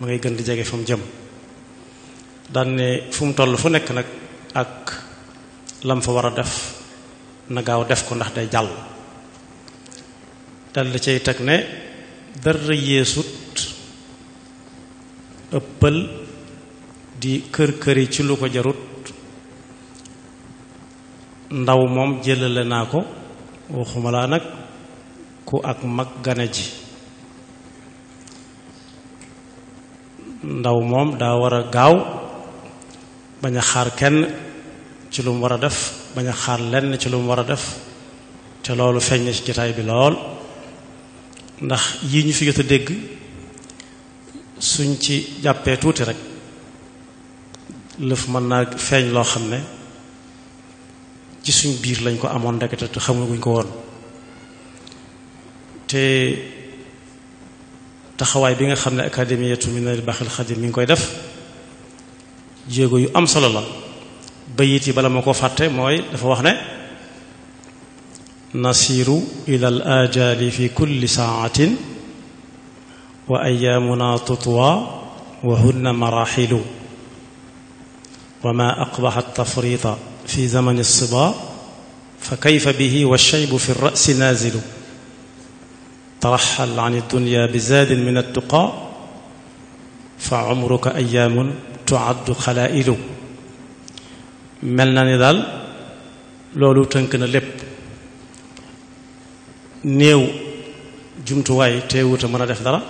ma ngay gën di jege fa jëm daan ne fu mu toll fu nekk nag ak lam fa war a def na gaaw def ko ndax day jàll dal di cay teg ne dara yeesut ëppal di kër këri ci lu ko jarut ndaw moom jëlale naa ko waxuma laa nag ku ak mag gane ji ndaw moom daa war a gaaw bañ a xaar kenn ci lu war a def bañ a xaar lenn ci lu war a def te loolu feeñ ci jotaay bi lool ndax yii ñu fi jot a dégg suñ ci jàppee tuuti rekk lëf mën naa feeñ loo xam ne ci suñ biir lañ ko amoon ndekete te xamaguñ ko woon te taxawaay bi nga xam ne académiatu minal baxil xadim mi ngi koy def jéego yu am solo la bayit yi bala ma ko fàtte mooy dafa wax ne nasiru ila al ajali fi kulli saatin wa ayaamuna tutwa wa hunna maraxilu wa ma tafrita fi zamani siba fa kayfa bihi wa shaybu fi rasi naazilu taraxal an dunya bi zaadin min attuqa fa umruka ayaamun tuaddu xalaa'ilu mel na ni daal loolu tënk na lépp néew jumtuwaay teewut a mën a def dara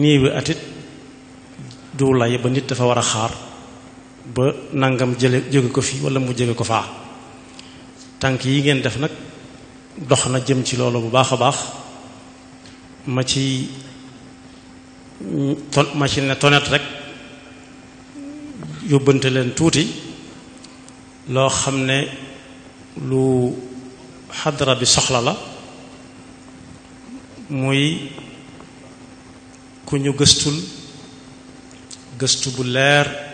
néewi atit du lay ba nit dafa war a xaar ba nangam jële jóge ko fi wala mu jóge ko faa tànk yi ngeen def nag dox na jëm ci loolu bu baax a baax ma ci ton ma ci ne tonet rek yóbbante leen tuuti loo xam ne lu xadara bi soxla la muy ku ñu gëstul gëstu bu leer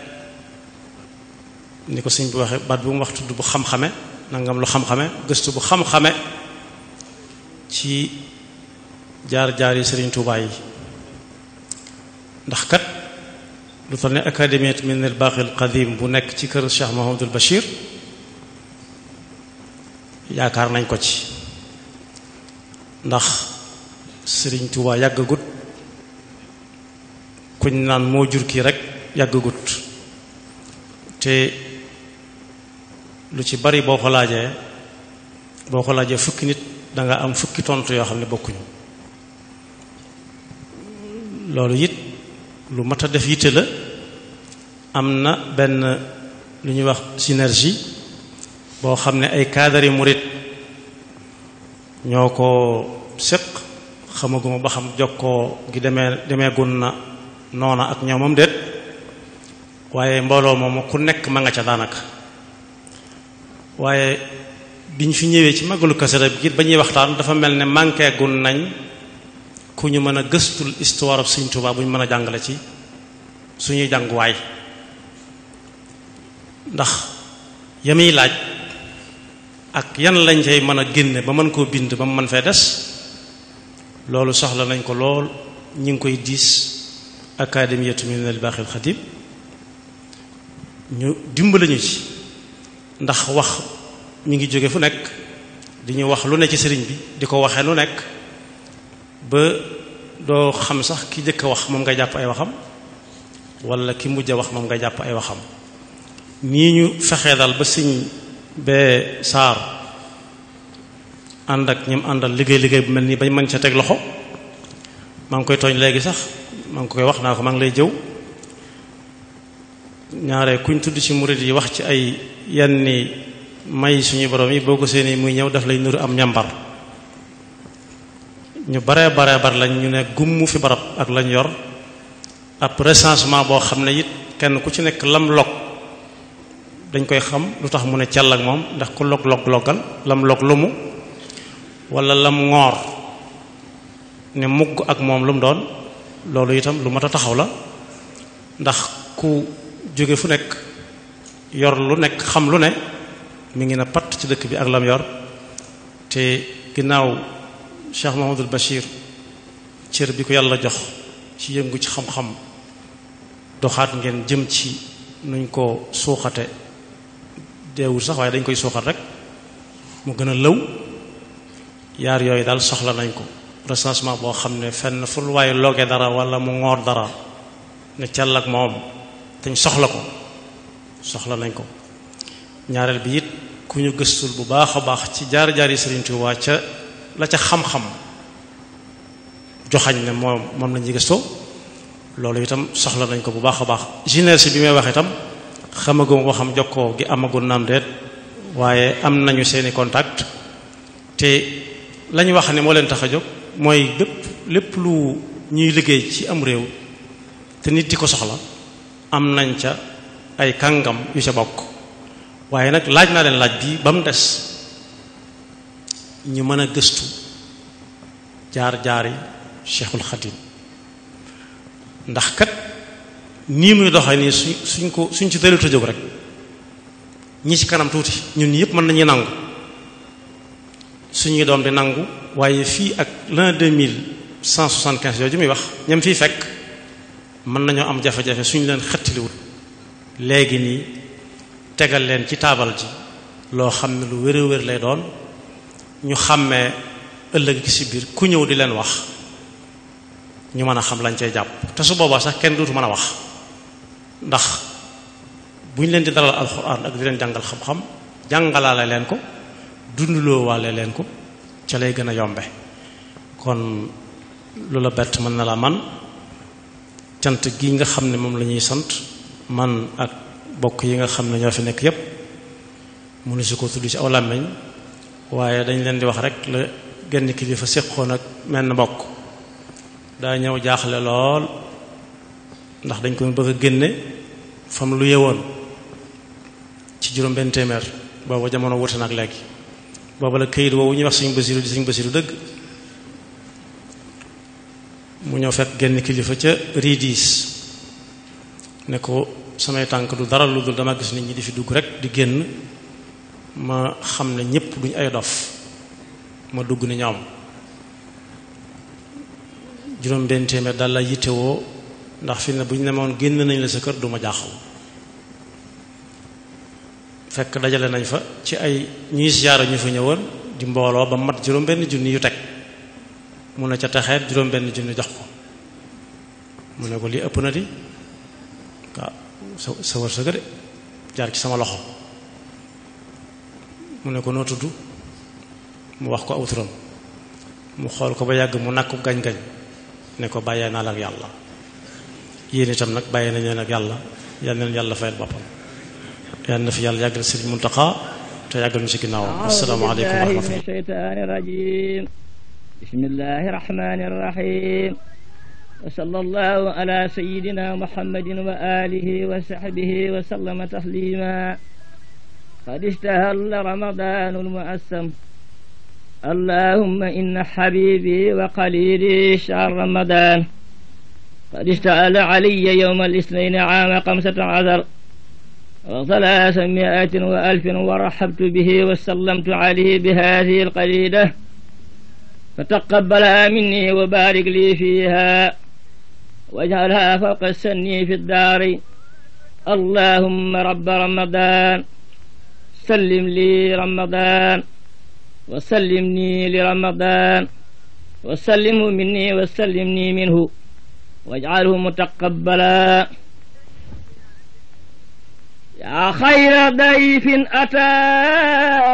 ni ko sëñ bu waxee baat bu mu wax tudd bu xam-xame nangam lu xam-xame gëstu bu xam ci jaar-jaar yi Serigne Touba yi ndax kat lu toll ne académie min al baqil bu nekk ci kër Cheikh Mahamadul Bachir yaakaar nañ ko ci ndax sëriñ Touba yàggagut kuñ naan moo jur kii rek yàggagut te lu ci bari boo ko laajee boo ko laajee fukki nit danga am fukki tontu yoo xam ne bokkuñu loolu it lu mat a def yitte la am na benn lu ñuy wax synergie boo xam ne ay cadres murit ñoo ko sëq xamaguma ba xam jokkoo gi demee demee gun na noona ak ñoomam déet waaye mbooloo moom ku nekk ma nga ca daanaka waaye biñ fi ñëwee ci màggalu Kazu Rajab ba ñuy waxtaan dafa mel ne manqué gun nañ ku ñu mën a gëstul histoire ab bu ñu mën a jàngale ci suñuy jànguwaay ndax yamuy laaj ak yan lañ cay mën a génne ba mën koo bind ba mu mën fee des loolu soxla nañ ko lool ñu ngi koy diis académiyatu min al baaxil xadim ñu dimbali ñu ci ndax wax mi ngi jóge fu nekk di ñu wax lu ne ci sëriñ bi di ko waxee lu nekk ba doo xam sax ki jëkk a wax moom nga jàpp ay waxam wala ki mujj wax moom nga jàpp ay waxam nii ñu fexee dal ba siñ bee saar ànd ak ñim àndal liggéey liggéey bu mel nii bañ mën ca teg loxo maa ngi koy tooñ léegi sax maa koy wax naa ko maa lay jëw ñaare kuñ tudd ci murid yi wax ci ay ni may suñu borom yi boo ko seeni muy ñëw daf lay nuru am ñambar ñu baree bare bare lañ ñu ne gumm fi barab ak lañ yor ab recensement boo xam ne it kenn ku ci nekk lam log dañ koy xam lu tax mu ne call ak moom ndax ku log log logal lam log lumu wala lam ngoor ne mugg ak moom lu mu doon loolu itam lu mat a taxaw la ndax ku jóge fu nekk yor lu nekk xam lu ne mu ngi ne patt ci dëkk bi ak lam yor te ginnaaw Cheikh Mahamadul Bachir cër bi ko yàlla jox ci yëngu ci xam-xam doxaat ngeen jëm ci nuñ ko suuxate deewul sax waaye dañ koy suuxat rek mu gën a lëw yaar yooyu daal soxla nañ ko recensement boo xam ne fenn ful waaye looge dara walla mu ngoor dara ne cell ak moom te ñu soxla ko soxla nañ ko ñaareel bi it ku ñu gëstul bu baax a baax ci jaar-jaar yi Sëriñ waa ca la ca xam-xam joxañ ne moom moom lañuy gëstoo loolu itam soxla nañ ko bu baax a baax génère si bi may wax itam xamaguma ko xam ko gi amagul naam deet waaye am nañu seeni contact te lañu wax ne moo leen tax a jóg mooy bépp lépp lu ñuy liggéey ci am réew te nit di ko soxla am nañ ca ay kàngam yu ca bokk waaye nag laaj naa leen laaj bi ba mu des ñu mën a gëstu jaar-jaari Cheikhul Xadim ndax kat nii muy doxee nii su suñ ko suñ ci tëlita jóg rek ñi ci kanam tuuti ñun ñi yëpp mën nañu nangu suñuy doom di nangu waaye fii ak l'an deux mille cent soixante-quinze yooyu muy wax ñam fii fekk mën nañoo am jafe-jafe suñ leen xettiliwul léegi nii tegal leen ci taabal ji loo xam ne lu wér wér lay doon ñu xàmmee ëllëg gi si biir ku ñëw di leen wax ñu mën a xam lañ cay jàpp te su boobaa sax kenn dootu mën a wax ndax bu ñu leen di dalal alxuraan ak di leen jàngal xam-xam jàngalaale leen ko dunduloo waale leen ko ca lay gën a yombe kon lu la bett mën na la man cant gi nga xam ne moom la ñuy sant man ak bokk yi nga xam ne ñoo fi nekk yépp mënu si ko tudd ci aw làmmiñ waaye dañ leen di wax rek la genn kilifa séqoon ak menn bokk daa ñëw jaaxle lool ndax dañ ko bëgg a génne fam lu yewoon ci juróom benn téeméer booba jamono wute nag léegi booba la këyit woowu ñuy wax suñu basiru di suñu dëgg mu ñëw fekk genn kilifa ca riidis ne ko samay tànk du dara lu dul dama gis nit ñi di fi dugg rek di génn ma xam ne ñépp duñ ay dof ma dugg ni ñoom juróom benn téeméer daal la yittewoo ndax fi ne bu ñu nemoon génn nañ la sa kër duma ma fekk dajale nañ fa ci ay ñuy siyaara ñu fi ñëwoon di mbooloo ba mat juróom benn junni yu teg mu ne ca texeet juróom benn junni jox ko mu ne ko lii ëpp na di waaw ah, sa sa wërsëg de jaar ci sama loxo mu ne ko noo tudd mu wax ko aw mu xool ko ba yàgg mu nakku gañ-gañ ne ko bàyyee naa la yàlla yéen itam nag bàyyee nañ leen ak yàlla yal na leen yàlla fayal boppam yal na fi yàlla yàggal Sëriñ Muntaxa te yàggal ñu ci ginnaawam assalaamu aleykum wa rahmatullahi mina shaytaani rajiim bismillahi rahmaani rahiim وصلى الله على سيدنا محمد وآله وصحبه وسلم تسليما قد اشتهل رمضان المؤسم اللهم إن حبيبي وقليلي شهر رمضان قد اشتعل علي يوم الاثنين عام خمسة عذر وثلاثمائة وألف ورحبت به وسلمت عليه بهذه القليلة فتقبلها مني وبارك لي فيها واجعلها فوق السن في الدار اللهم رب رمضان سلم لي رمضان وسلمني لرمضان وسلمه مني وسلمني منه واجعله متقبلا يا خير ضيف أتى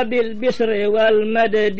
بالبشر والمدد